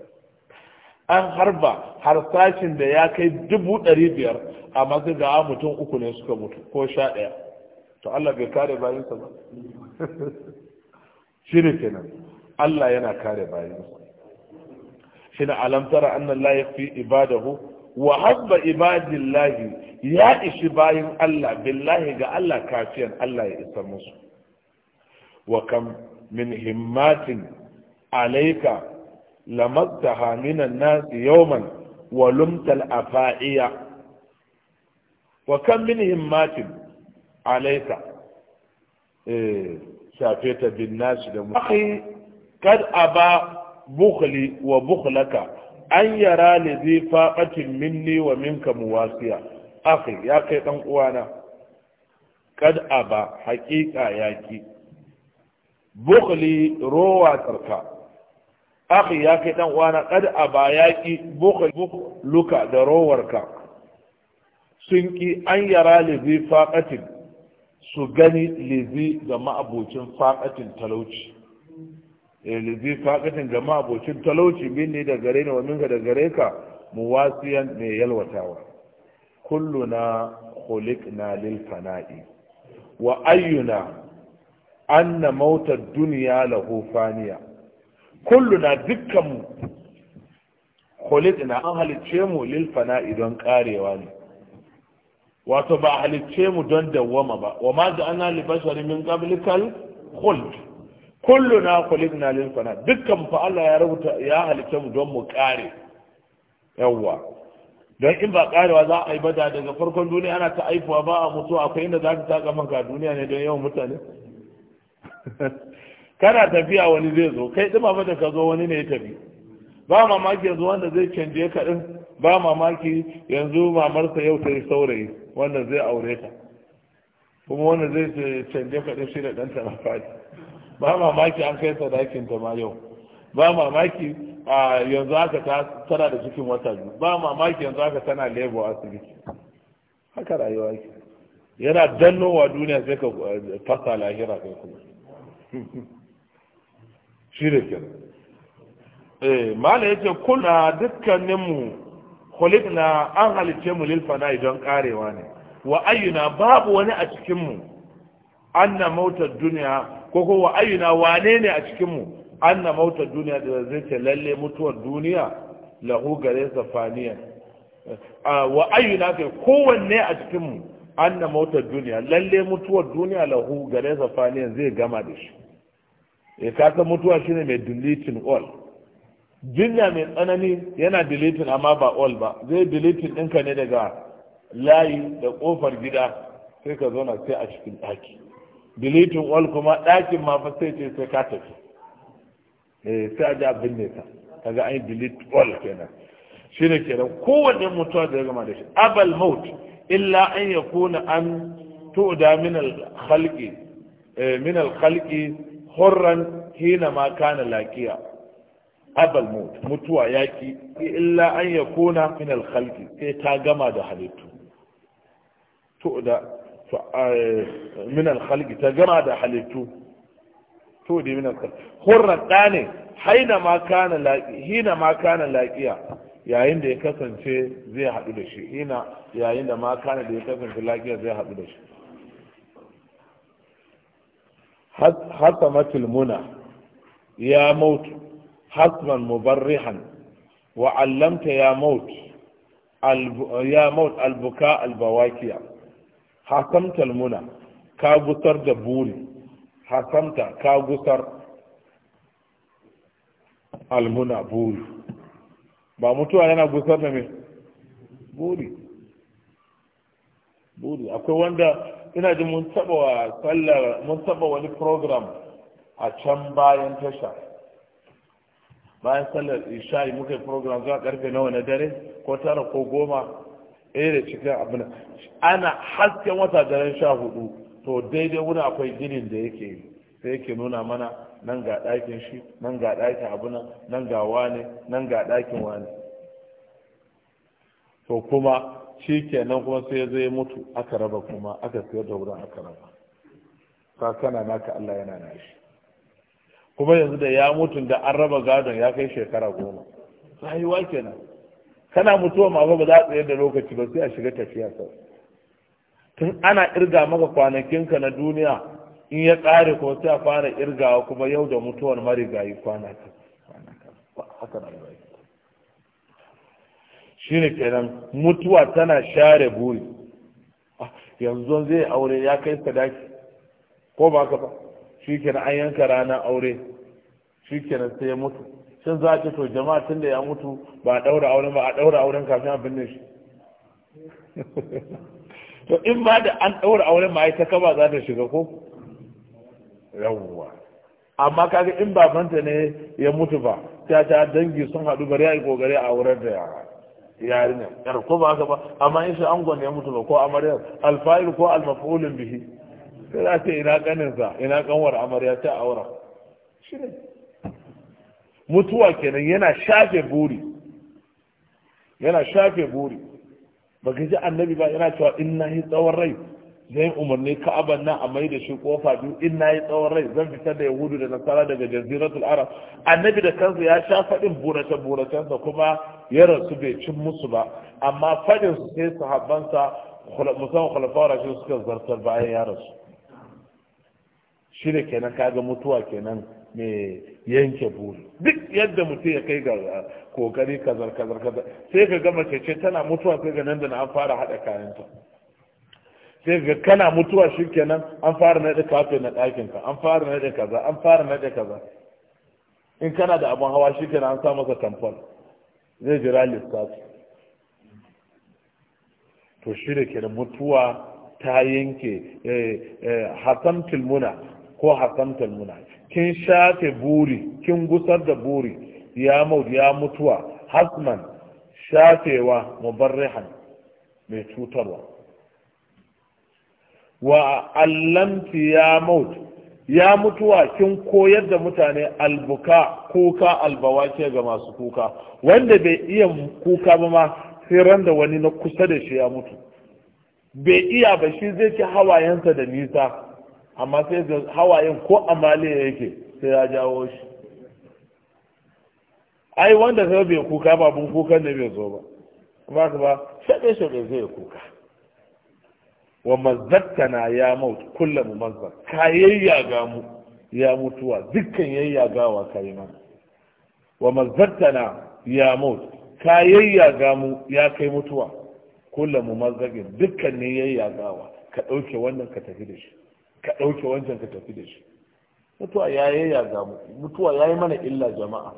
an harba harsashin da ya kai dubu ɗari biyar a masu ga mutum uku ne suka mutu ko sha ɗaya to Allah bai kare bayansa ba shi ne kenan Allah yana kare bayansa shi na alamtara annan layafi ibadahu wa habba ibadillahi ya ishi bayin Allah billahi ga Allah kafiyan Allah ya isa musu wa kam min himmatin alaika lamazzaha minan nasi yawman wa lumtal afa'iya wa kam min himmatin alayka eh, shafeta bin nasi da mu kad aba bukhli wa bukhlaka an yara ne zai faɓatin minni wa minka muwasiya akhi ya kai ɗan uwana kad aba haƙiƙa yaƙi bukhli rowa tsarka akhi ya kai ɗan uwana kad aba yaƙi luka da rowarka sun ƙi an yara ne zai faɓatin su gani lizi ga ma'abocin faƙatin talauci lizi eh, faqatin ga abocin talauci min ne da gare ni wa minka da gare ka muwasiyan mai yalwatawa kulluna khuliqna lil fana'i wa ayyuna anna mauta dunya lahu faniya kulluna dukkan mu khuliqna an halicce mu lil fana'i don karewa ne wato ba halicce mu don dawwama ba wa ma da ana li bashari min qablikal khuld kulluna khuliqna lil fana dukkan fa Allah ya rubuta ya halitta mu don mu kare yawwa don in ba karewa za a yi bada daga farkon duniya ana ta aifuwa ba a mutu akwai inda za ta taka manka duniya ne don yawan mutane kana tafiya wani zai zo kai dima ba da ka zo wani ne ya tafi ba mamaki yanzu wanda zai canje ka din ba mamaki yanzu mamarsa yau ta yi saurayi wanda zai aure ta kuma wanda zai canje ka din shi da ɗanta na fadi ba mamaki an kai sadakin ta ma yau ba mamaki a yanzu haka ta tana da cikin wata biyu ba mamaki yanzu haka tana lebo asibiti haka rayuwa ke yana dannowa duniya sai ka eh, fasa lahira kai kuma shi da ke eh mala yace kuna dukkaninmu khuliqna an halice mu lil don karewa ne wa ayyuna babu wani a cikin mu na mautar duniya ko ko wa ayyuna wane ne a cikin mu anna mautar duniya da zai ce lalle mutuwar duniya lahu gare zafaniya wa ayyuna kai kowanne a cikin mu anna mautar duniya lalle mutuwar duniya lahu gare zafaniya zai gama da shi ya e, kasa mutuwa shine mai deleting all duniya mai tsanani yana deleting amma ba all ba zai deleting ɗinka ne daga layi da ƙofar gida sai ka zauna sai a cikin ɗaki deleting all kuma ɗakin ma fa sai ce sai ka tafi eh sai a ji abin ne kaga an yi delete all kenan shine kenan kowanne mutuwa da ya gama da shi abal maut illa an ya kuna an tu'da min al khalqi eh, min al khalqi hurran hina ma kana laqiya abal maut mutuwa yaki illa an ya min al khalqi sai ta gama da halittu tu'da Eh, min ta gama da halittu to da hurran haina ma kana hina ma kana laqiya yayin da ya kasance zai haɗu da shi hina yayin da ma kana da ya kasance laqiya zai haɗu da shi ya mautu hasman mubarrihan wa allamta ya mautu albuka albawakiya hasamtal muna ka gusar da buri hasamta ka gusar almuna buri ba mutuwa yana gusar da mai buri buri akwai wanda ina ji mun taba wa sallar mun taba wani program a can bayan tasha bayan sallar isha'i muka yi program zuwa karfe nawa na dare ko tara ko goma ɗaya da cikin abin ana hasken wata daren sha hudu to daidai wani akwai ginin da yake yi sai yake nuna mana nan ga ɗakin shi nan ga ɗakin abuna nan ga wani nan ga ɗakin wani to kuma shi kenan kuma sai zai mutu aka raba kuma aka sayar da wurin aka raba ka kana naka Allah yana nashi kuma yanzu da ya mutu da an raba gadon ya kai shekara goma rayuwa kenan kana mutuwa ma ba za a tsaye da lokaci ba sai a shiga tafiya sau tun ana irga maka ka na duniya in ya tsare ko sai a fara irgawa kuma yau da mutuwar marigayi kwana haka na shi ne kenan mutuwa tana share buri ah, yanzu zai aure ya kai sadaki ko ba ka ba shi kenan an yanka rana aure shi kenan sai ya mutu sun za a ce to jama'a tun da ya mutu ba a ɗaura auren ba a ɗaura auren kafin a binne shi to in ba da an ɗaura auren ma ita kaba za ta shiga ko yawwa amma kaga in babanta ne ya mutu ba ta ta dangi sun haɗu bari ya yi ƙoƙari a wurin da ya yarinya yar ko ba haka ba amma in shi angon ya mutu ba ko amarya alfa'il ko almaf'ulun bihi sai za ta ina kaninsa ina kanwar amarya ta aura shi ne mutuwa kenan yana shafe buri yana shafe buri baka ji annabi ba yana cewa in na yi tsawon rai zan umarni ka'aban nan a mai da shi kofa biyu in na yi tsawon rai zan fitar da yahudu da nasara daga jaziratul arab annabi da kansa ya sha faɗin burace buracensa kuma ya rasu bai cin musu ba amma faɗin su sai sahabbansa musamman khulafa rashi suka zartar bayan ya rasu shi da kenan kaga mutuwa kenan mai yanke buri duk yadda mutum ya kai ga kokari kazar kazar kazar sai ka gama mace tana mutuwa sai ga nan da an fara haɗa kayanta sai ga kana mutuwa shi kenan an fara naɗe kafe na ɗakinka an fara naɗe kaza an fara naɗe kaza in kana da abin hawa shi kenan an sa masa tamfol zai jira lissafi to shi da kenan mutuwa ta yanke eh, eh, hasan tilmuna ko hasamtar muna kin shafe buri kin gusar da buri ya maud ya mutuwa hasman shafewa mubarrihan mai cutarwa wa allamti ya maud ya mutuwa kin koyar da mutane albuka kuka albawake ga masu kuka wanda bai iya kuka ba ma sai ran da wani na kusa da shi ya mutu bai iya ba shi zai ci hawayensa da nisa amma sai ga hawayen ko amaliya yake sai ya jawo shi ai wanda sai bai kuka ba bun kukan ne bai zo ba kuma ka ba shaɗe shaɗe zai kuka wa mazattana ya mautu kullum mazza ka ga mu ya mutuwa dukkan yayyagawa ka yi mana wa mazattana ya mautu ka ga mu ya kai mutuwa kullum mazzagin dukkan ne wa ka ɗauke wannan ka tafi da shi ka ɗauke wancan ka tafi da shi mutuwa ya yi ya gamu mutuwa ya yi mana illa jama'a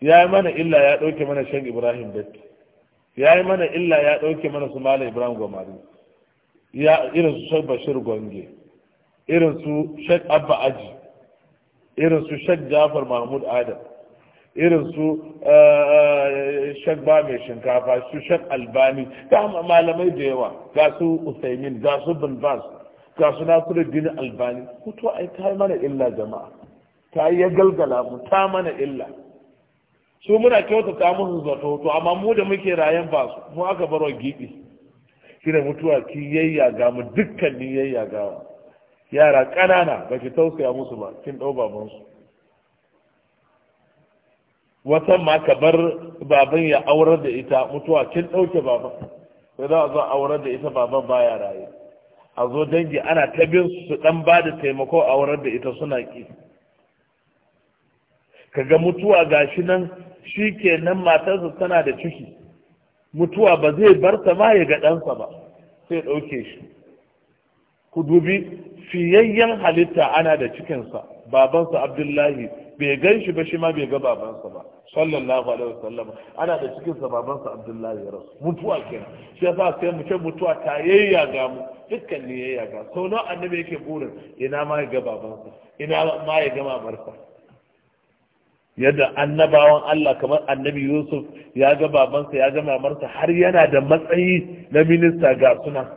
ya yi mana illa ya ɗauke mana shan ibrahim datti ya yi mana illa ya ɗauke mana su malam ibrahim gomari ya irin su shan bashir gwange irin su shan abba aji irin su shan jafar mahmud adam irin su eh, eh, shagba mai shinkafa su shag albani ga malamai da yawa ga su usaimin ga su bin ga su nasiruddin albani kuto ai ta mana illa jama'a ta yi ya galgala mu ta mana illa su muna kyautata musu zato to amma mu da muke rayan ba su mu aka baro gibi shi da mutuwa ki yayya ga mu dukkanin yayya yara ƙanana ba ki tausaya musu ba kin ɗau babansu watan ma ka bar baban ya aurar da ita mutuwa kin ɗauke baban sai za a zo aurar da ita baban baya raye a zo dangi ana ta bin su dan ba da taimako aurar da ita suna ki kaga mutuwa gashi nan shi kenan matarsa tana da ciki mutuwa ba zai bar ta ma ya ga ɗansa ba sai ɗauke shi ku dubi fiyayyen halitta ana da cikinsa babansa abdullahi bai gan shi ba shi ma bai ga babansa ba sallallahu alaihi wasallam ana da cikin babansa abdullahi ya rasu mutuwa kenan shi yasa sai mu ce mutuwa ta yayya ga mu dukkan ne yayya ga sau nawa annabi yake burin ina ma ya ga babansa ina ma ya ga mamarsa yadda annabawan Allah kamar annabi Yusuf ya ga babansa ya ga mamarsa har yana da matsayi na minista ga suna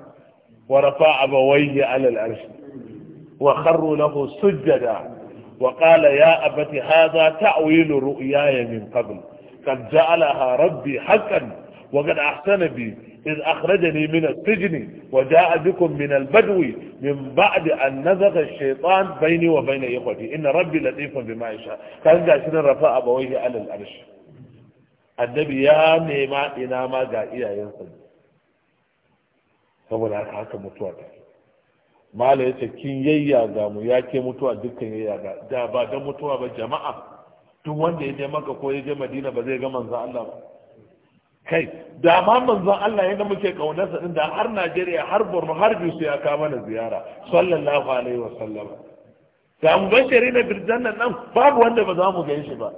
wa rafa abawaihi alal arshi wa kharru lahu sujjada وقال يا أبت هذا تأويل رؤياي من قبل قد جعلها ربي حقا وقد أحسن بي إذ أخرجني من السجن وجاء بكم من البدو من بعد أن نزغ الشيطان بيني وبين إخوتي إن ربي لطيف بما يشاء كان جاشن رفاء أبويه على الأرش النبي يا نيما إنا ما جاء إيا ينصد فولا حاكم متواتر mala ya ce kin yayyaga mu ya ke mutuwa dukkan yayyaga da ba don mutuwa ba jama'a duk wanda ya je maka ko ya je madina ba zai ga manzan Allah ba kai da ma manzan Allah yadda muke kaunarsa din da har Najeriya har Borno har Bisu ya ka mana ziyara sallallahu alaihi wa sallama da mu bashari na birjannan nan babu wanda ba za mu ga shi ba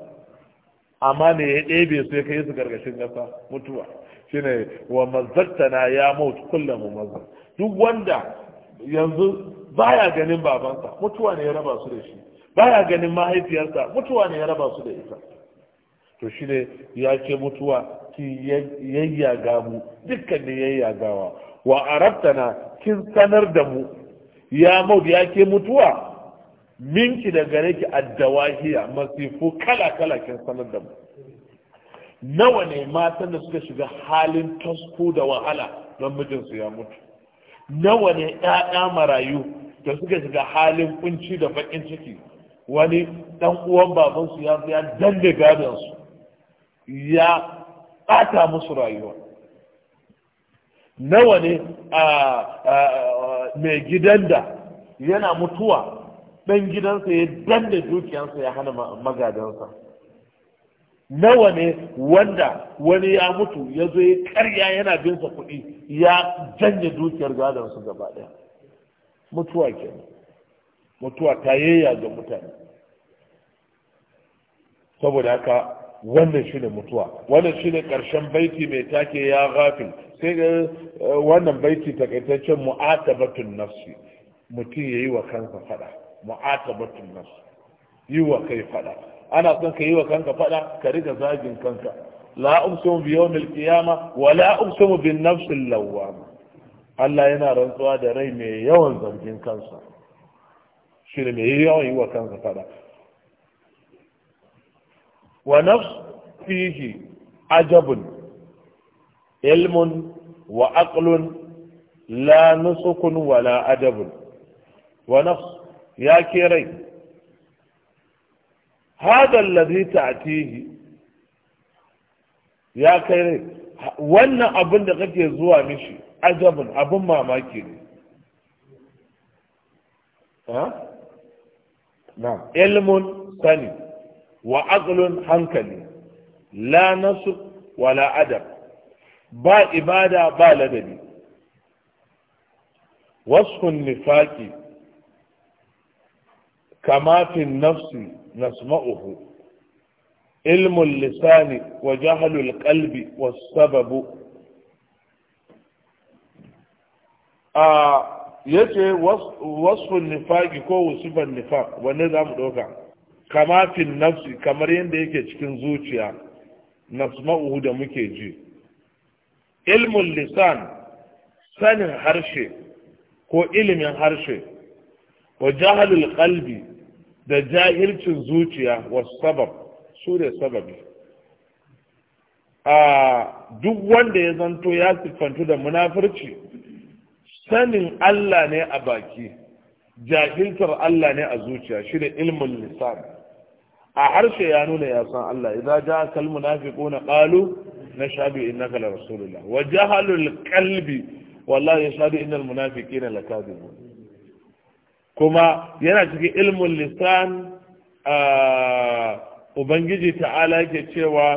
amma ne ya ɗebe su ya kai su gargashin ƙasa mutuwa shine wa mazzartana ya mutu kullum mazzar duk wanda yanzu baya ganin babansa mutuwa ne ya raba su da shi baya ganin mahaifiyarsa mutuwa ne ya raba su da ita to shi ne ya ce mutuwa ki yayyaga mu dukkan ne yayyagawa wa arabtana kin sanar da mu ya maud ya ke mutuwa minki da gare ki addawahiya masifu kala kala kin sanar da mu nawa ne matan da suka shiga halin tasko da wahala don mijinsu ya mutu nawa ne ƴaƴa marayu da suka shiga halin kunci da bakin ciki wani ɗan uwan babansu ya ya danne gadon ya ɓata musu rayuwa nawa ne mai gidan da yana mutuwa ɗan gidansa ya danne dukiyarsa ya hana magadansa nawa ne wanda wani ya mutu ya zo ya karya yana bin sa kuɗi ya janye dukiyar gadonsu gaba ɗaya mutuwa kenan mutuwa ta yayya ga mutane saboda haka wannan shine mutuwa wannan shine ƙarshen baiti mai take ya gafin, sai ga eh, wannan baiti takaitaccen mu'atabatun nafsi mutum ya yi wa kansa fada mu'atabatun nafsi yi wa kai fada ana son ka yi wa kanka faɗa, ka riga zagin kanka la umsumu bi yawmil qiyama wa la umsumu bin nafsil lawwama Allah yana rantsuwa da rai mai yawan zargin kansa shi ne mai yawan yi wa kansa fada wa nafs fihi ajabun ilmun wa aqlun la nusukun wala adabun wa nafs ya ke rai hada allazi ta'tihi ya kai wannan abin da kake zuwa mishi ajabin abin mamaki ne ilmun sani wa aqlun hankali la nasu wala adab ba ibada ba ladabi wasfun nifaki kama nafsi nasma'uhu علم اللسان وجهل القلب والسبب ا sababu a yace كو وصف ko ونظام دوكا wanne za mu كما kama nafsi kamar yadda yake cikin zuciya nasma'uhu da muke ji ilmul lisan sanin harshe ko ilimin harshe wa jahalul qalbi da jahilcin zuciya wasu sabab su ne sababi a duk wanda ya zanto ya siffantu da munafurci sanin Allah ne a baki jahiltar Allah ne a zuciya shi da ilmin lisan a harshe ya nuna ya san Allah idan ja kal munafiquna qalu nashhadu innaka la rasulullah wa jahalul qalbi wallahi yashhadu innal munafiqina lakadibun kuma yana cikin ilmin lisan ubangiji ta'ala ke cewa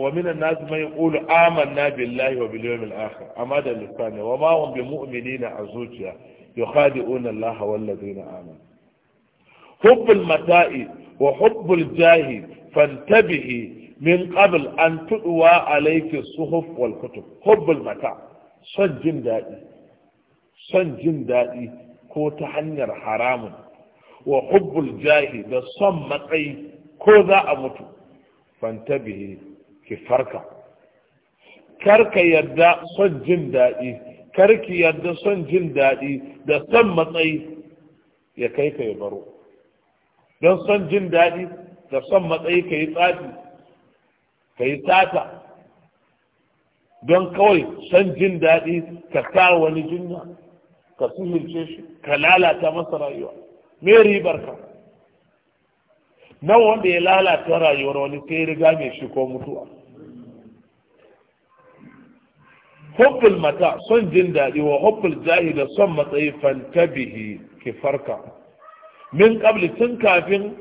wa minan nasu mai ƙulu amanna billahi wa bil yawmil akhir amma da lisani wa ma hum bi mu'minina a zuciya yukhadi'una Allah wal na amanu hubbul mata'i wa hubbul jahi fantabihi min qabl an tudwa alayki suhuf wal kutub hubbul mata' son jin daɗi son jin daɗi ko ta hanyar haramun wa hubbul jahi da son matsayi ko za a mutu fantabihi ki farka karka yarda son jin daɗi karki yarda son jin daɗi da son matsayi ya kai ka ya baro don son jin daɗi da son matsayi ka yi tsafi ka yi sata don kawai son jin daɗi ka sa wani jinya ka sihirce shi ka lalata masa rayuwa me ribar ka nan wanda ya lalata rayuwar wani sai riga mai shi ko mutuwa hukul mata son jin daɗi wa hukul jahi da son matsayi fantabihi ki farka min kabli tun kafin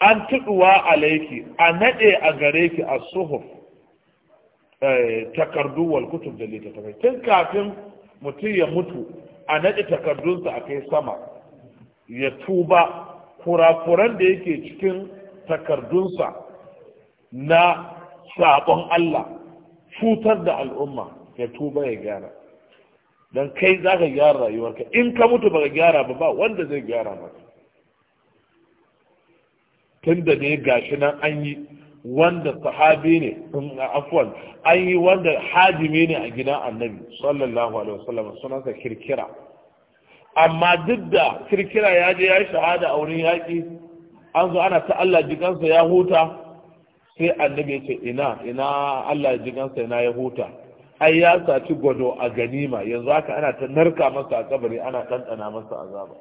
an tuduwa alaiki a naɗe a gare ki a suhuf eh, takardu wal kutub da littattafai tun kafin mutum ya mutu a naɗe takardunsa a kai sama ya tuba kurakuran da yake cikin takardunsa na saƙon Allah cutar da al'umma ya tuba ya gyara don kai za ka gyara rayuwarka in ka mutu baka gyara ba ba wanda zai gyara maka Tunda da ne gashi nan an yi wanda sahabi ne afwan an yi wanda hajimi ne a gidan annabi sallallahu alaihi wasallam sunansa kirkira amma duk da kirkira ya je ya yi shahada a wurin yaƙi an zo ana ta Allah jikansa ya huta sai annabi ya ce ina ina Allah jikansa ina ya huta ai ya saci gwado a ganima yanzu haka ana ta narka masa a kabari ana ɗanɗana masa azaba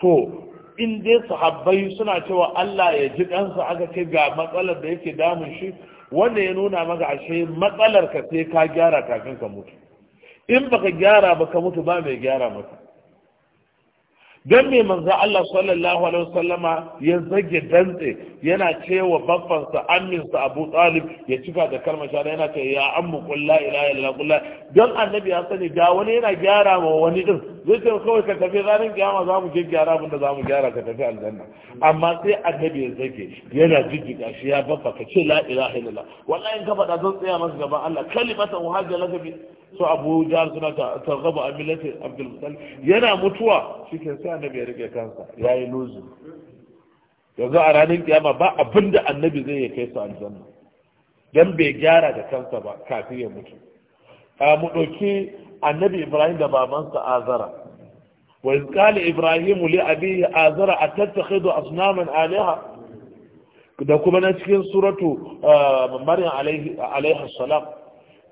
to in dai sahabbai suna cewa Allah ya ji ɗansa aka ce ga matsalar da yake damun shi wanda ya nuna maka ashe matsalar ka sai ka gyara kafin ka mutu in baka gyara ba ka mutu ba mai gyara maka don me manzo Allah sallallahu alaihi wasallama ya zage dantse yana cewa babbansa aminsa Abu Talib ya cika da kalmar shahada yana cewa ya ammu qul la ilaha illa billah don annabi ya sani da wani yana gyara wa wani din zai ce kawai ka tafi ranar kiyama za mu je gyara abin da za mu gyara ka tafi aljanna amma sai annabi ya zage yana jijjiga shi ya babba ka ce la ilaha illallah wallahi in ka faɗa zan tsaya masa gaban Allah kalimatan wahajja laka bi su abu jihar suna ta gaba a milatin abdulmutal yana mutuwa shi ke sai annabi ya rike kansa ya yi lozi yanzu a ranar kiyama ba abin da annabi zai ya kai su aljanna don bai gyara da kansa ba kafin ya mutu a mu ɗauki annabi ibrahim da babansa azara wa iz ibrahim li abihi azara atattakhidhu asnaman aliha da kuma na cikin suratu maryam alaihi salam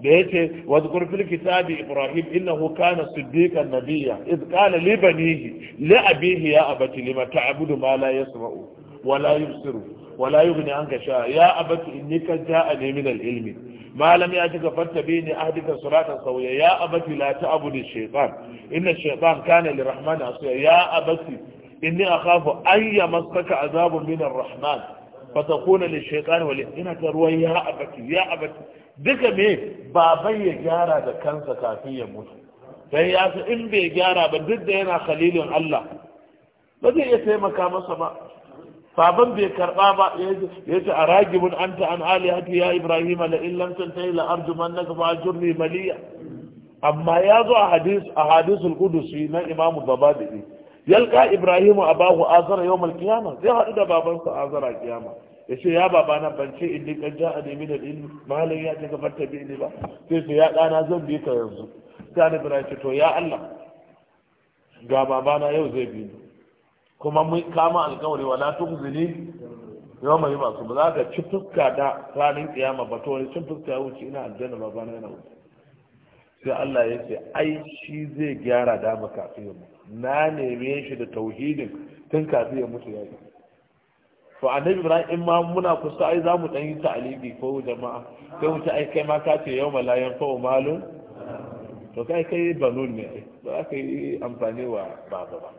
da ce wasu fil kitabi ibrahim innahu kana siddiqan nabiyya id qala li banihi li abihi ya abati lima ta'budu ma la yasma'u wa la yubsiru wa la yughni anka sha ya abati innaka ja'ani min al ilmi ma lam ya'tika fattabini ahdika siratan sawiya ya abati la ta'budu shaytan inna shaytan kana lirahmani asiya ya abati inni akhafu an yamassaka azabun min ar-rahman fatakuna li shaytan wal ina ta ruwan ya abati ya abati duka me baban ya gyara da kansa kafin ya mutu dan ya san in bai gyara ba duk da yana khalilin Allah ba zai iya taimaka masa ba baban bai karba ba ya ce a ragibin an ta an ya ibrahim la illam tantahi la arjumannaka fa ajurni maliya amma ya zo a hadis a hadisul qudusi na imamu babadi yalka ibrahimu abahu azara yawmal qiyamah zai haɗu da babansa azara kiyama ya ce ya baba na ban ce in kan ja a nemi da ilmi mahalin ya ce farta bi ne ba sai ce ya ɗana zan bi ka yanzu ta da ce to ya Allah ga baba na yau zai bi kuma mun kama alkawari wala tukhzini yawma masu ba za ka ci fuska da ranar kiyama ba to wani cin fuska ya wuce ina aljanna baba na yana wuce sai Allah ya ce ai shi zai gyara dama kafin ya na neme shi da tauhidin tun kafin ya mutu ya yi. to annabi ibrahim in ma muna kusa ai za mu dan yi ta'alibi ko jama'a sai wuce ai kai ma ka ce yau malayan fa malun to kai kai banun ne ba ka yi amfani wa baba ba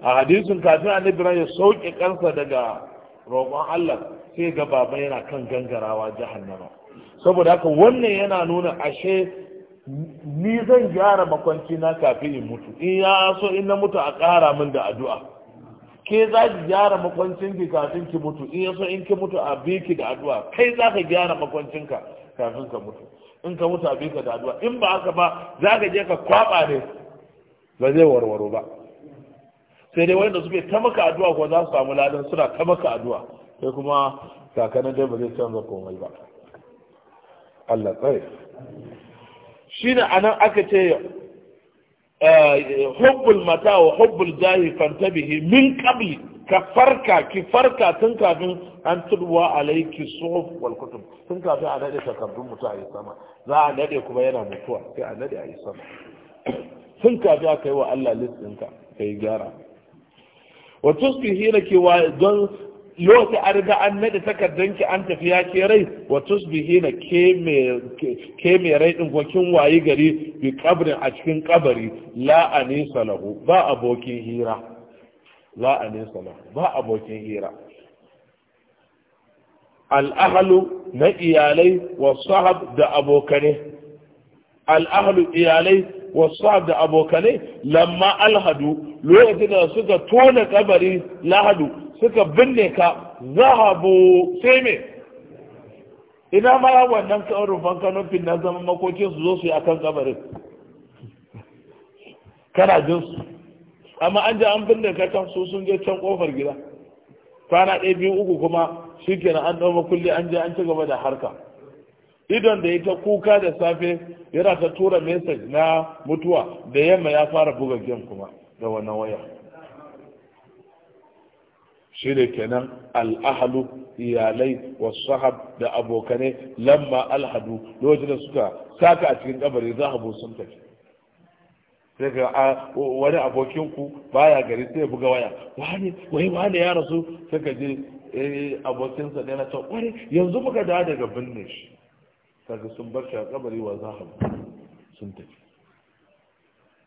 a hadisin kafin annabi ibrahim ya sauke kansa daga roƙon Allah sai ga baba yana kan gangarawa jahannama saboda haka wannan yana nuna ashe ni zan gyara makwanci na kafin in mutu in ya so in na mutu a ƙara min da addu'a ke za ki gyara makwancin ki kafin ki mutu in ya so in ki mutu a bi ki da addu'a kai za ka gyara makwancin ka kafin ka mutu in ka mutu a bi ka da addu'a in ba haka ba za ka je ka kwaba ne ba zai warwaro ba sai dai wanda suke ta maka addu'a ko za su samu ladan suna ta maka addu'a sai kuma kakanin dai ba zai canza komai ba Allah tsare shi ne nan aka ce eh, hubbul mata wa hubbul jahi fantabihi min qabli ka farka ki farka tun kafin an tudwa alaiki suhuf wal kutub tun kafin a nade takardun mutu a sama za a nade kuma yana mutuwa sai a nade a sama tun kafin aka yi wa Allah list ɗinka ka yi gyara wa tusbihina ki wa don yau sai an riga an nade takardar ki an tafi ya ke rai wa na ke mai rai din gokin wayi gari bi kabrin a cikin kabari la anisa lahu ba abokin hira la anisa lahu ba abokin hira al'ahalu na iyalai wa sahab da abokane al'ahalu iyalai wasu da abokanai lamma alhadu lokacin da suka tona kabari lahadu suka binne ka zahabu sai me ina ma wannan rufan kanofin na zama makokin su zo su yi kan kabarin kana jin su amma an ji an binne ka su sun je can kofar gida kwana ɗaya biyu uku kuma shikenan an ɗau makulli an je an ci gaba da harka idon da ita kuka da safe yana ta tura mesaj na mutuwa da yamma ya fara buga gem kuma da wani waya shi ne kenan al'ahalu iyalai wasu sahab da abokanai lamma alhadu lokacin da suka saka a cikin kabari za a sun tafi sai ka wani abokinku baya gari sai buga waya wani wai wani ya rasu sai je eh, abokinsa ne na can wani yanzu muka da daga binne shi kaga sun bar shi a kabari wa zahab sun tafi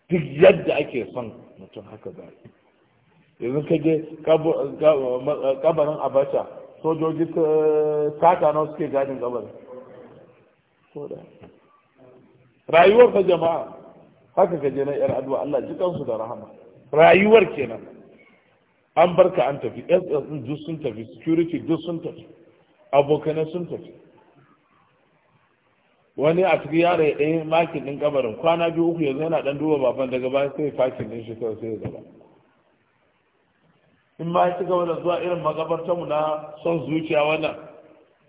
duk yadda ake son mutum haka za yanzu ka je kabarin abacha sojoji sata na suke gadin kabarin rayuwar ta jama'a haka ka je na yar addu'a Allah ji kansu da rahama rayuwar kenan an barka an tafi ss duk sun tafi security duk sun tafi abokanai sun tafi wani a cikin yaro ya ɗaya makin ɗin kabarin kwana biyu uku yanzu yana ɗan duba baban daga baya sai fakin ɗin shi kawai sai gaba in ma ya ci gaba da zuwa irin mu na son zuciya wannan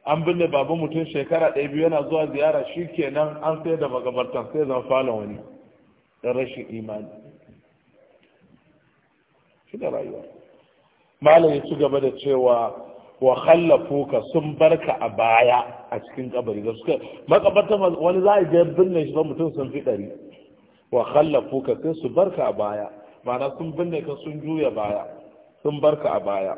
an binne baban mutum shekara ɗaya biyu yana zuwa ziyara shi kenan an sai da makabartan sai zan fala wani da rashin imani shi da rayuwa malam ya ci gaba da cewa wa ka sun barka a baya a cikin kabari da suka makabarta wani za a ga binne shi ba mutum sun fi ɗari wa ka sai su barka a baya ma'ana sun binne ka sun juya baya sun barka a baya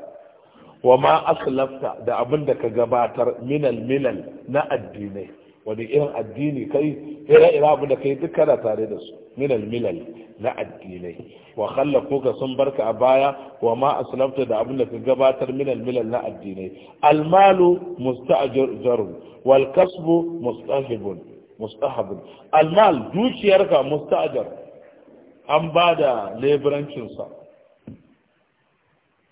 wa ma aslafta da abin da ka gabatar minal minal na addinai wani irin addini kai ira ira abu da kai duk kana tare da su minal milal na addinai wa khallaku ka sun barka a baya wa ma aslamta da abin da ka gabatar minal milal na addinai almalu musta'jaru wal kasbu mustahibun mustahabun almal dukiyarka musta'jar an bada sa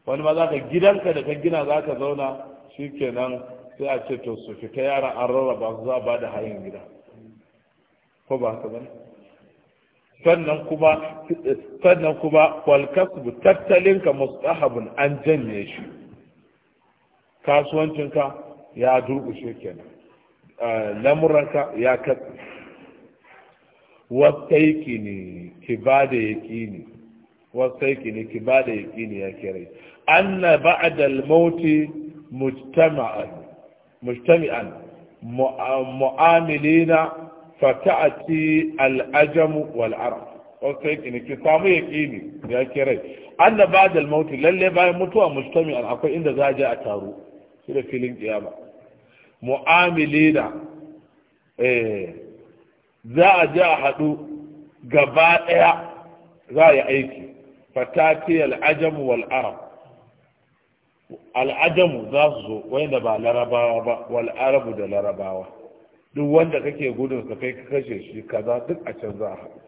wani ma zaka gidanka da ka gina zaka zauna shikenan sai a ce to su fita yaran an rarraba su za a ba da hayan gida ko ba haka ba sannan kuma sannan kuma walkasbu tattalinka mustahabun an janye shi kasuwancinka ya durƙushe kenan eh, lamuranka ya katse wasaiki ne ki ba da yaƙini wasaiki ne ki ba da ne ya kirai An ba'da al-mauti mujtama'an mujtami'an mu'amilina fata'ati al'ajamu wal arab wasu yake ki samu yaqini ya kira anna ba'da al-maut lalle bayan mutuwa mujtami'an akwai inda za a je a taru shi da filin kiyama mu'amilina eh za a je a hadu gaba daya za a yi aiki fatati al-ajamu wal arab al'ajamu za su zo wanda ba larabawa ba wal arabu da larabawa duk wanda kake gudun sa kai ka kashe shi kaza duk a can za a haɗu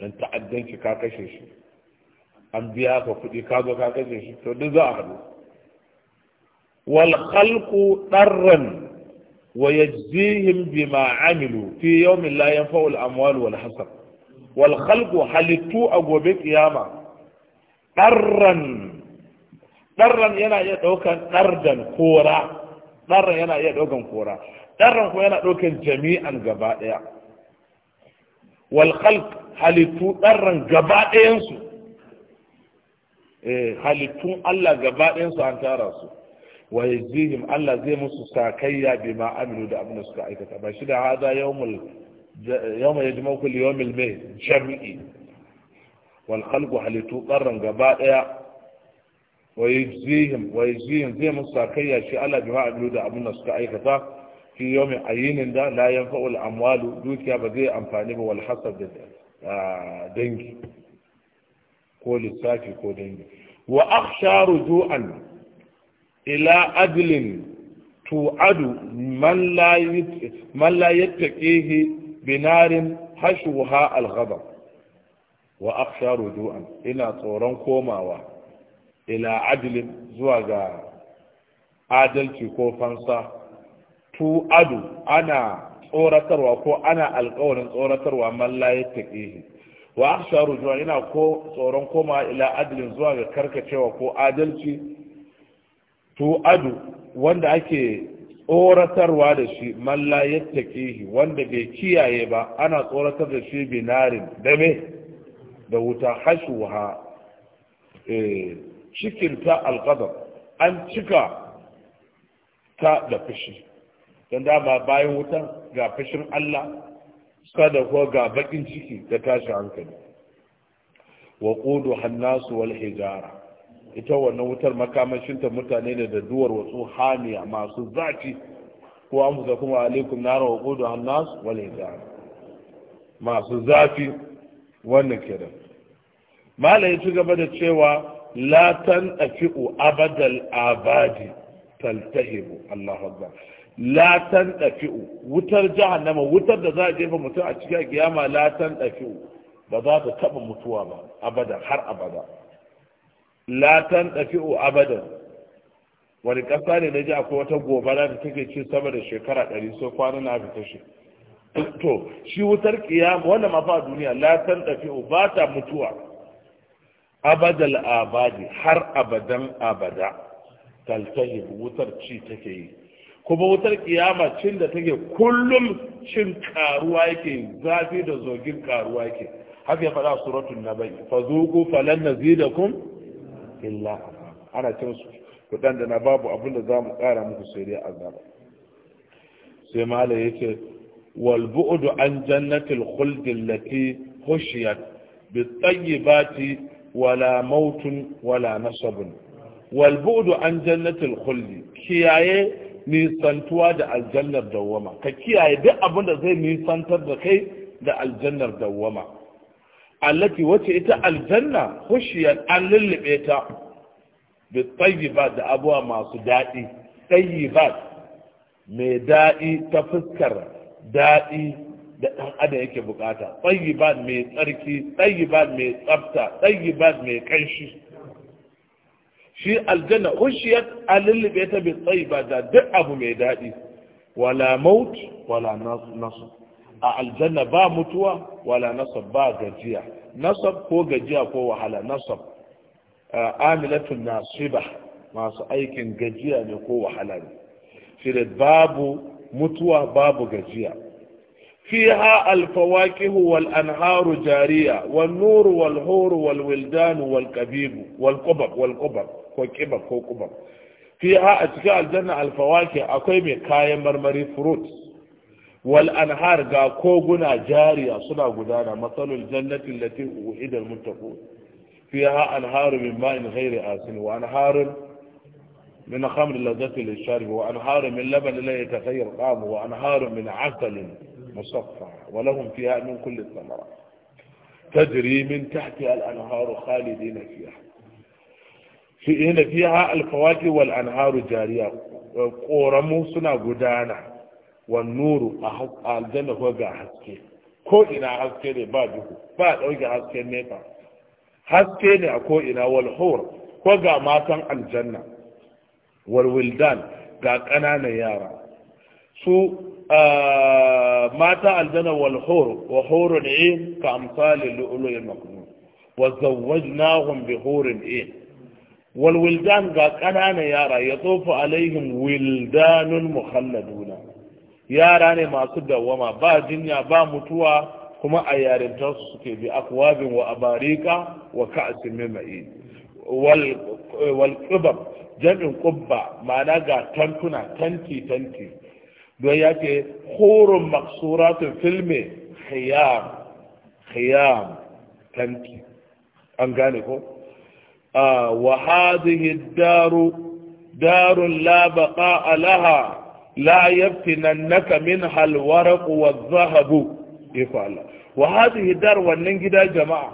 dan ta'addanci ka kashe shi an biya ka kuɗi ka zo ka kashe shi to duk za a haɗu wal khalqu darran wa yajzihim bima amilu fi yawmin la yanfa'u al amwal wal hasab wal khalqu halittu a gobe kiyama darran darran yana iya daukan dardan kora darran yana iya daukan kora darran kuma yana daukan jami'an gaba daya wal khalq halittu darran gaba dayan su eh halittun Allah gaba dayan su an tara su wa yajzihim Allah zai musu sakayya bima amilu da abin da suka aikata ba shi da hada yawmul yawma yajma'u kullu yawmil mai jami'i. wal khalqu halittu darran gaba daya wa zai musu kai shi Allah bima abidu da abin da suka aikata fi yawmin ayinin da la a al-amwalu dukiya ba zai amfani ba wal hasab ko lissafi ko dangi wa akhsha ruju'an ila adlin tu'adu man la man la yattaqihi binarin hashuha al-ghadab wa akhsha ina tsoron komawa ila adilin zuwa ga adalci ko fansa tu adu ana tsoratarwa ko ana alkawarin tsoratarwa man la yattaqihi wa akhsha rujua ina ko tsoron koma ila adilin zuwa ga karkacewa ko adalci tu adu wanda ake tsoratarwa da shi man la yattaqihi wanda bai kiyaye ba ana tsoratar da shi binarin da da wuta hashuha eh. cikinta alghadab an cika ta da fushi don dama bayan wutan ga fushin Allah sada ko ga bakin ciki da tashi hankali wa qudu hannasu wal hijara ita wannan wutar makamashinta mutane ne da duwar wasu haniya masu zaci ko amsa kuma alaikum nara wa qudu hannasu wal hijara masu zafi wannan kiran, malai ya ci gaba da cewa la tantafi'u abadal abadi taltahibu Allah akbar la ɗafi'u. wutar jahannama wutar da za a jefa mutum a cikin kiyama la ɗafi'u. ba za ta taɓa mutuwa ba abada har abada la ɗafi'u abadan wani ƙasa ne na ji akwai wata gobara da take ci sama da shekara ɗari so kwana na fita shi to shi wutar kiyama wannan ma fa duniya la ɗafi'u. ba ta mutuwa abadal abadi har abadan abada taltahi wutar ci take yi kuma wutar kiyama cin da take kullum cin karuwa yake zafi da zogin karuwa yake haka ya faɗa suratul nabai fa zuqu falan nazidakum illa ana cin su da na babu abin da zamu kara muku sai dai azaba sai malai yace wal bu'du an jannatil khuld allati khushiyat bit tayyibati wala mautun wala nasabun wal bu'du an jannatil khuldi kiyaye nisantuwa da aljannar dawwama ka kiyaye duk abin da zai nisantar da kai da aljannar dawwama allati wace ita aljanna hushiyar an lullube ta bi tayyibat da abuwa masu daɗi tayyibat mai daɗi ta fuskar daɗi da ɗan adam yake bukata ba mai tsarki ba mai tsafta ba mai kanshi shi aljanna hushiyat alilbe ta bi ba da duk abu mai daɗi wala maut wala nasu a aljanna ba mutuwa wala nasab ba gajiya nasab ko gajiya ko wahala nasab amilatun nasiba masu aikin gajiya ne ko wahala ne shi babu mutuwa babu gajiya فيها الفواكه والأنهار جارية والنور والهور والولدان والكبيب والقبب والقبب والكبب والقبب فيها أتكاء الجنة الفواكه أقيم كاي مرمري فروت والأنهار غا كوغنا جارية صنع غدانا مثل الجنة التي وعد المتقون فيها أنهار من ماء غير آسن وأنهار من خمر لذة للشارب وأنهار من لبن لا يتخير قامه وأنهار من عسل مصفى ولهم فيها من كل الثمرات تجري من تحتها الأنهار خالدين فيها في هنا فيها الفواكه والأنهار جارية قورمو سنا قدانا والنور الجنة هو حسكي ko ina haske ne ba duhu ba ɗauke hasken nefa haske ne a ko ina walhor ko ga matan aljanna walwildan ga ƙananan yara su mata aljanna wal hur wa hurun in ka amsali lu'lu'il maknun wa zawwajnahum bi hurun in wal wildan ga kanana yara ya tsofa alaihim wildanun mukhalladuna yara ne masu dawama ba jinya ba mutuwa kuma a yarintarsu su suke bi akwabin wa abarika wa ka'sin min wal wal qubab jami'in qubba ma'ana ga tantuna tanti tanti don ya ce horon maksuratun filme khiyam khiyam tanti an gane ko ah, wa hadhihi daru darun la baqa laha la yaftinannaka minha alwaraq wadh-dhahabu ifa wa hadhihi dar wannan gida jama'a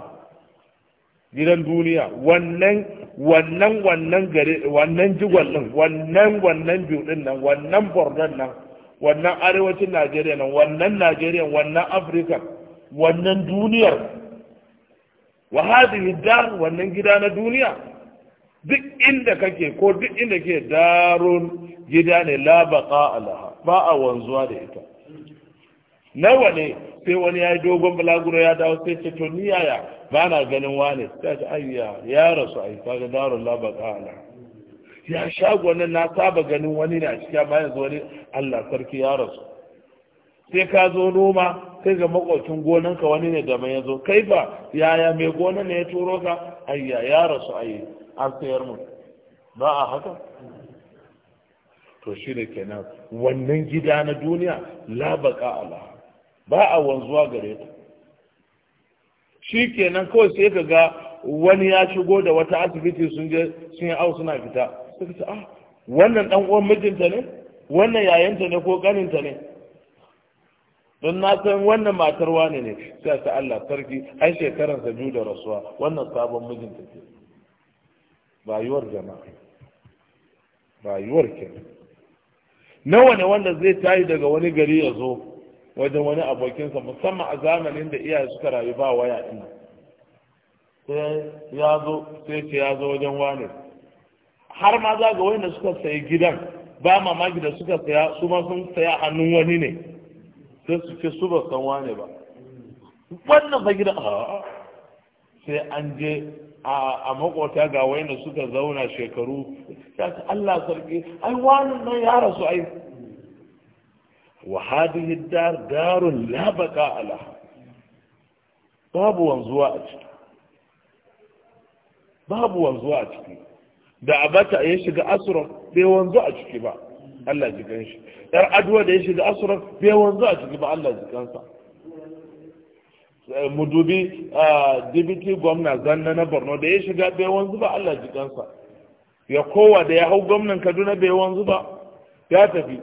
gidan duniya wannan wannan wannan gare wannan jigwal din wannan wannan biyu din nan wannan bordan nan wannan arewacin najeriya nan wannan najeriya wannan afirka wannan duniyar wa hadhihi dar wannan gida na duniya duk inda kake ko duk inda ke darun gida ne la baqa alaha ba a wanzuwa da ita nawa ne sai wani ya yi dogon balaguro ya dawo sai ce to ni yaya ba na ganin wane sai ta ayya ya rasu ai ga darun la baqa alaha ya shago nan na saba ganin wani ne a cikin bayan zuwa ne Allah sarki ya rasu sai ka zo noma kai ga makwacin gonanka wani ne da mai yazo kai ba yaya mai gona ne ya turo ka ayya ya rasu ayi an sayar mu ba a haka to shi ne kenan wannan gida na duniya labaka Allah ba a wanzuwa gare ta shi kenan kawai sai ka ga wani ya shigo da wata asibiti sun je sun yi au suna fita suka ce ah wannan dan uwan mijinta ne wannan yayanta ne ko ganinta ne don na san wannan matar wane ne sai ta Allah sarki ai shekaran biyu da rasuwa wannan sabon mijinta ce rayuwar jama'a rayuwar kenan nawa ne wanda zai tayi daga wani gari ya zo wajen wani abokinsa musamman a zamanin da iyaye suka rayu ba waya ina sai ya zo sai ce ya zo wajen wane har ma za ga wanda suka sayi gidan ba mamaki da suka saya su ma sun saya hannun wani ne sai su ce su ba san wane ba wannan fa gidan sai an je a makota ga wanda suka zauna shekaru ta Allah sarki ai wani nan ya rasu ai wa darun la baqa ala babu wanzuwa a ciki babu wanzuwa a ciki da abata ya shiga asuran bai wanzu a ciki ba Allah ji shi. yar aduwa da ya shiga asuran bai wanzu a ciki ba Allah ji sa. Eh, mu dubi ah, dibiti gwamna zanna na borno da ya shiga bai wanzu ba Allah ji sa. ya kowa da ya hau gwamnan kaduna bai wanzu ba ya tafi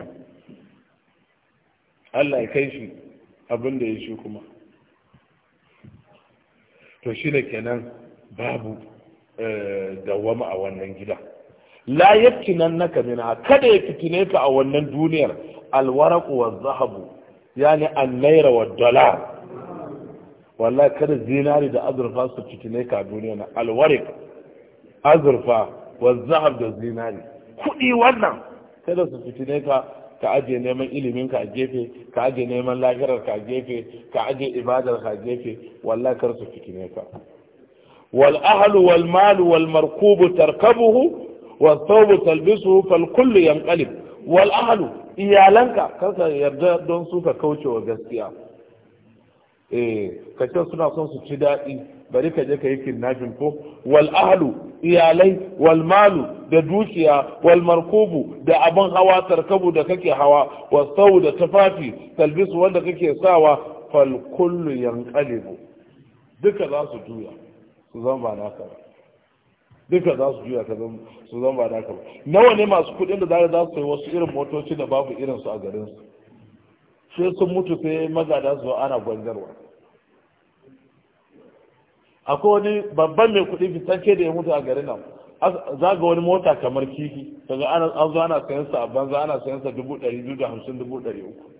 Allah ya kai shi abin da ya shi kuma to shi da kenan babu Eh, dawwama a wannan gida la yakinan naka min kada ya fitine ka a wannan duniyar alwaraq wa zahabu. yani an-naira wa dollar wallahi kada zinari da azurfa su fitine ka a duniyar alwaraq azurfa wa zahab da zinari kudi wannan kada su fitine ka ka aje neman ilimin ka a gefe ka aje neman lahirar ka a gefe ka aje ibadar ka a gefe wallahi kar su fitine ka wal ahlu wal malu wal markubu tarkabuhu wa thawbu talbisuhu fal wal ahlu iyalanka kanka yarda don su kauce wa gaskiya E, ka ce suna son su ci daɗi bari ka je ka yi kidnapping ko wal ahlu iyalai walmalu da dukiya walmarkubu da abin hawa tarkabu da kake hawa wasau da tafafi talbisu wanda kake sawa fal kullu duka za su juya su zama ba naka ba duka za su juya su zama ba naka ba nawa ne masu kuɗin da zara za su yi wasu irin motoci da babu irin su a garin su sai sun mutu sai magada zuwa ana gwangarwa akwai wani babban mai kuɗi fitanke da ya mutu a garin nan za ga wani mota kamar kifi daga an zo ana sayansa sa a banza ana sayansa sa dubu ɗari biyu da hamsin dubu ɗari uku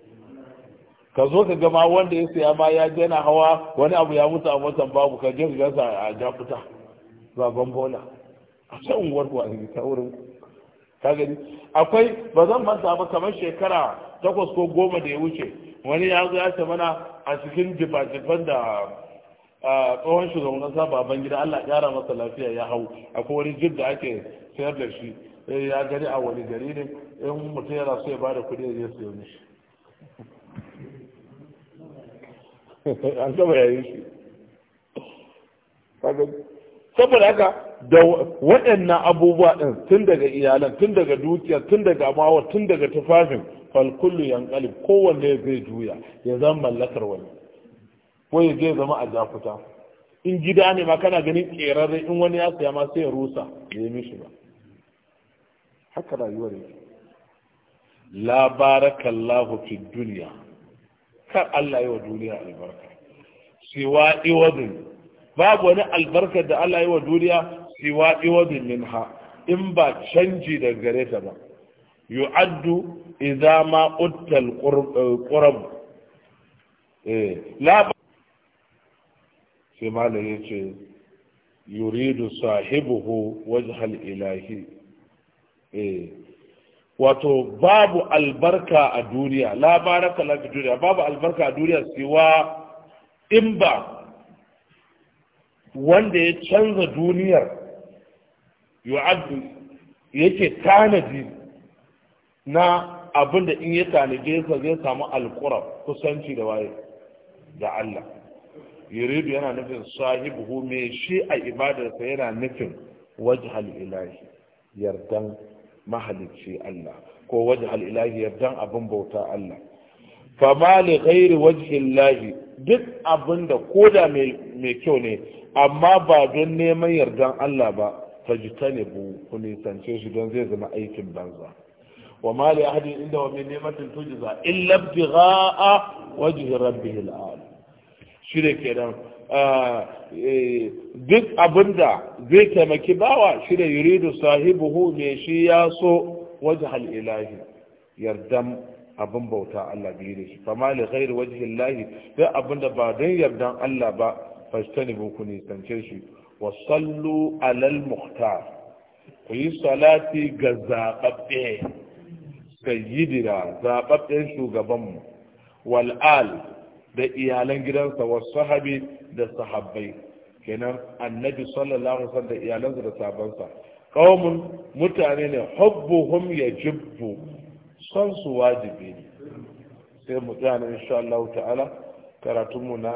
ka zo ka gama wanda ya saya ma ya je na hawa wani abu ya mutu a motan babu ka je gasa a jakuta zagon bola a ce unguwar a ta wurin ka gani akwai ba zan manta ba kamar shekara takwas ko goma da ya wuce wani ya zo ya ce mana a cikin jifa-jifan da tsohon shugaban kasa baban gida Allah ƙara masa lafiya ya hau akwai wani jib da ake sayar da shi ya gani a wani gari ne in mutum yana so ya bada kuɗi ya sayo ne an gama yayin shi saboda haka da waɗannan abubuwa ɗin tun daga iyalan tun daga dukiya tun daga amawa tun daga tufafin falkullu yankalin kowanne zai juya ya zama mallakar wani ko ya zai zama a jakuta in gida ne ma kana ganin ƙerarren in wani ya siya ma sai ya rusa ya yi mishi ba haka rayuwar yake labarakan barakallahu duniya kar Allah yi wa duniya albarka siwa iwadin babu wani albarka da Allah yi wa duniya siwa iwadin ha? in ba canji da gare ta ba yu'addu idza ma uttal eh, qurab eh la sai malam yace yuridu sahibuhu wajhal ilahi eh wato babu albarka a duniya la baraka la fi duniya babu albarka a duniya siwa in ba wanda ya canza duniyar yu'addu yake tanadi na abin da in ya tanade sa zai samu alkura kusanci da waye da Allah yuridu yana nufin sahibu me shi a ibadarsa yana nufin wajhal ilahi yardan mahalicci Allah ko wajhal ilahi yardan abin bauta Allah fama li ghairi wajhin lahi duk abin da koda mai kyau ne amma ba don neman yardan Allah ba fajitane bu ku sance shi don zai zama aikin banza wa ma ahadin inda wa neman ni'matin tujza illa ibtigha'a wajhi rabbihil a'la shi da kenan E, duk abin da zai taimaki bawa shi da yuridu sahibuhu mai shi ya so Wajen ilahi yardan abin bauta Allah biyu da shi fama da ghairi wajhi duk abinda ba don yardan Allah ba buku ne nisance shi wa sallu alal muhtar ku yi salati ga zababbe sayyidina zaɓaɓɓen shugabanmu wal'al da iyalan gidansa wasu sahabi da sahabbai kenan annabi sallallahu alaihi wasallam da iyalansa da sahabbansa qaumun mutane ne hubbuhum yajibbu son su wajibi ne sai mu tsaya insha Allah ta'ala karatun mu na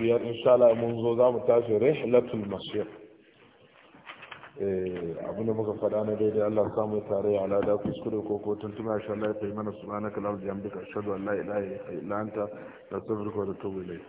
biyar insha Allah mun zo za mu tashi rihlatul masir eh, abin da muka faɗa na daidai Allah samu tare ya alada kuskure ko ko tuntuna insha Allah ya fahimta subhanaka la ilaha illa anta astaghfiruka wa atubu ilayk